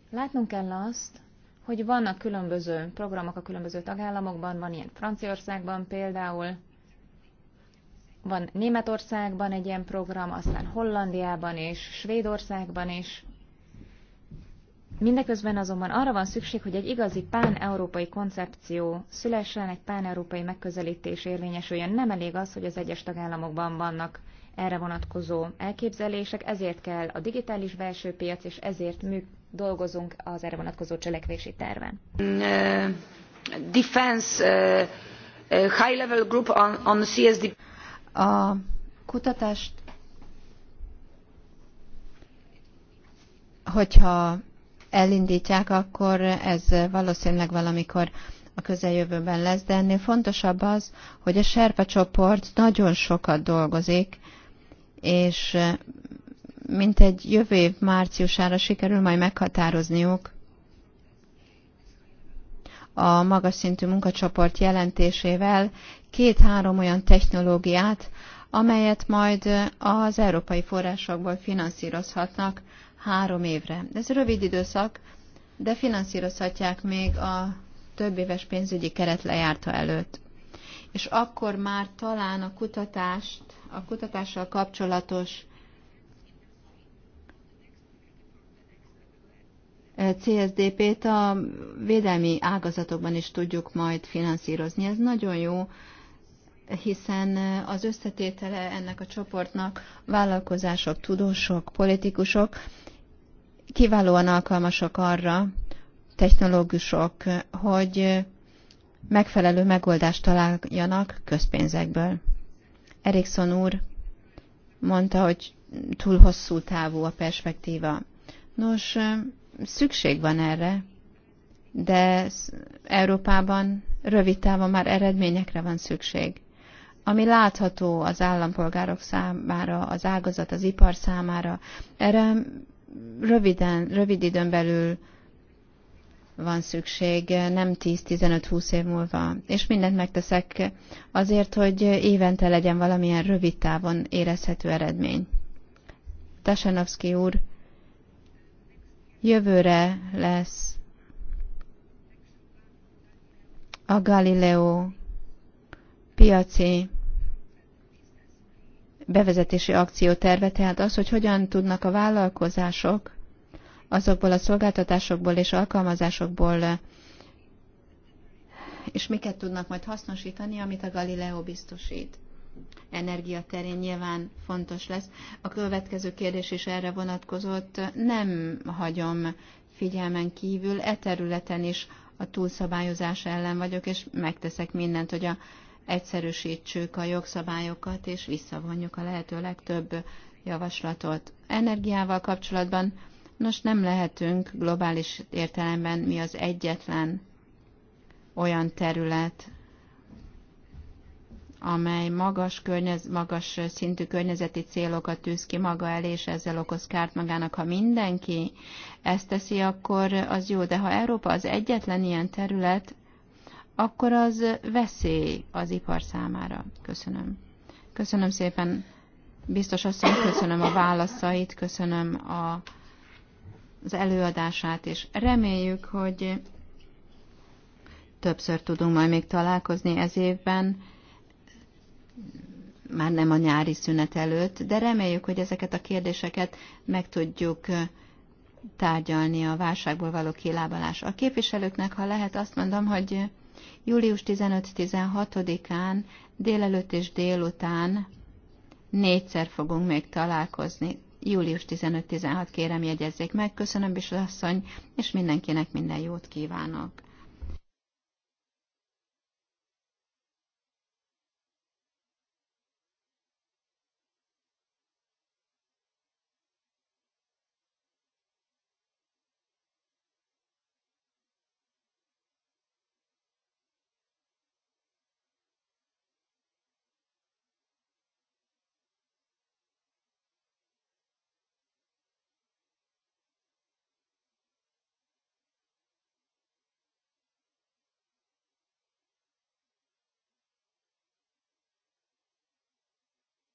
látnunk kell azt, hogy vannak különböző programok a különböző tagállamokban, van ilyen Franciaországban például, van Németországban egy ilyen program, aztán Hollandiában és Svédországban is. Mindeközben azonban arra van szükség, hogy egy igazi pán-európai koncepció szülessen, egy pán-európai megközelítés érvényesüljön. Nem elég az, hogy az egyes tagállamokban vannak erre vonatkozó elképzelések, ezért kell a digitális belső piac, és ezért mi dolgozunk az erre vonatkozó cselekvési terven. Mm, uh, defense, uh, uh, high level group on, on CSD. A kutatást, hogyha elindítják, akkor ez valószínűleg valamikor a közeljövőben lesz, de ennél fontosabb az, hogy a Serpa csoport nagyon sokat dolgozik, és mint egy jövő év márciusára sikerül majd meghatározniuk a magas szintű munkacsoport jelentésével két-három olyan technológiát, amelyet majd az európai forrásokból finanszírozhatnak három évre. Ez rövid időszak, de finanszírozhatják még a több éves pénzügyi keret lejárta előtt. És akkor már talán a kutatást, a kutatással kapcsolatos CSDP-t a védelmi ágazatokban is tudjuk majd finanszírozni. Ez nagyon jó hiszen az összetétele ennek a csoportnak vállalkozások, tudósok, politikusok kiválóan alkalmasak arra, technológusok, hogy megfelelő megoldást találjanak közpénzekből. Erikson úr mondta, hogy túl hosszú távú a perspektíva. Nos, szükség van erre, de Európában rövid távon már eredményekre van szükség ami látható az állampolgárok számára, az ágazat, az ipar számára. Erre röviden, rövid időn belül van szükség, nem 10-15-20 év múlva. És mindent megteszek azért, hogy évente legyen valamilyen rövid távon érezhető eredmény. Tasanovszki úr, jövőre lesz a Galileo piaci bevezetési akcióterve, tehát az, hogy hogyan tudnak a vállalkozások azokból a szolgáltatásokból és alkalmazásokból, és miket tudnak majd hasznosítani, amit a Galileo biztosít. Energia terén nyilván fontos lesz. A következő kérdés is erre vonatkozott. Nem hagyom figyelmen kívül, e területen is a túlszabályozás ellen vagyok, és megteszek mindent, hogy a egyszerűsítsük a jogszabályokat, és visszavonjuk a lehető legtöbb javaslatot. Energiával kapcsolatban nos nem lehetünk globális értelemben mi az egyetlen olyan terület, amely magas, környez, magas szintű környezeti célokat tűz ki maga elé, és ezzel okoz kárt magának. Ha mindenki ezt teszi, akkor az jó. De ha Európa az egyetlen ilyen terület, akkor az veszély az ipar számára. Köszönöm. Köszönöm szépen, biztos asszony, köszönöm a válaszait, köszönöm a, az előadását, és reméljük, hogy többször tudunk majd még találkozni ez évben, már nem a nyári szünet előtt, de reméljük, hogy ezeket a kérdéseket meg tudjuk tárgyalni a válságból való kilábalás. A képviselőknek, ha lehet, azt mondom, hogy Július 15-16-án délelőtt és délután négyszer fogunk még találkozni. Július 15-16 kérem jegyezzék meg. Köszönöm, Bislasszony, és mindenkinek minden jót kívánok.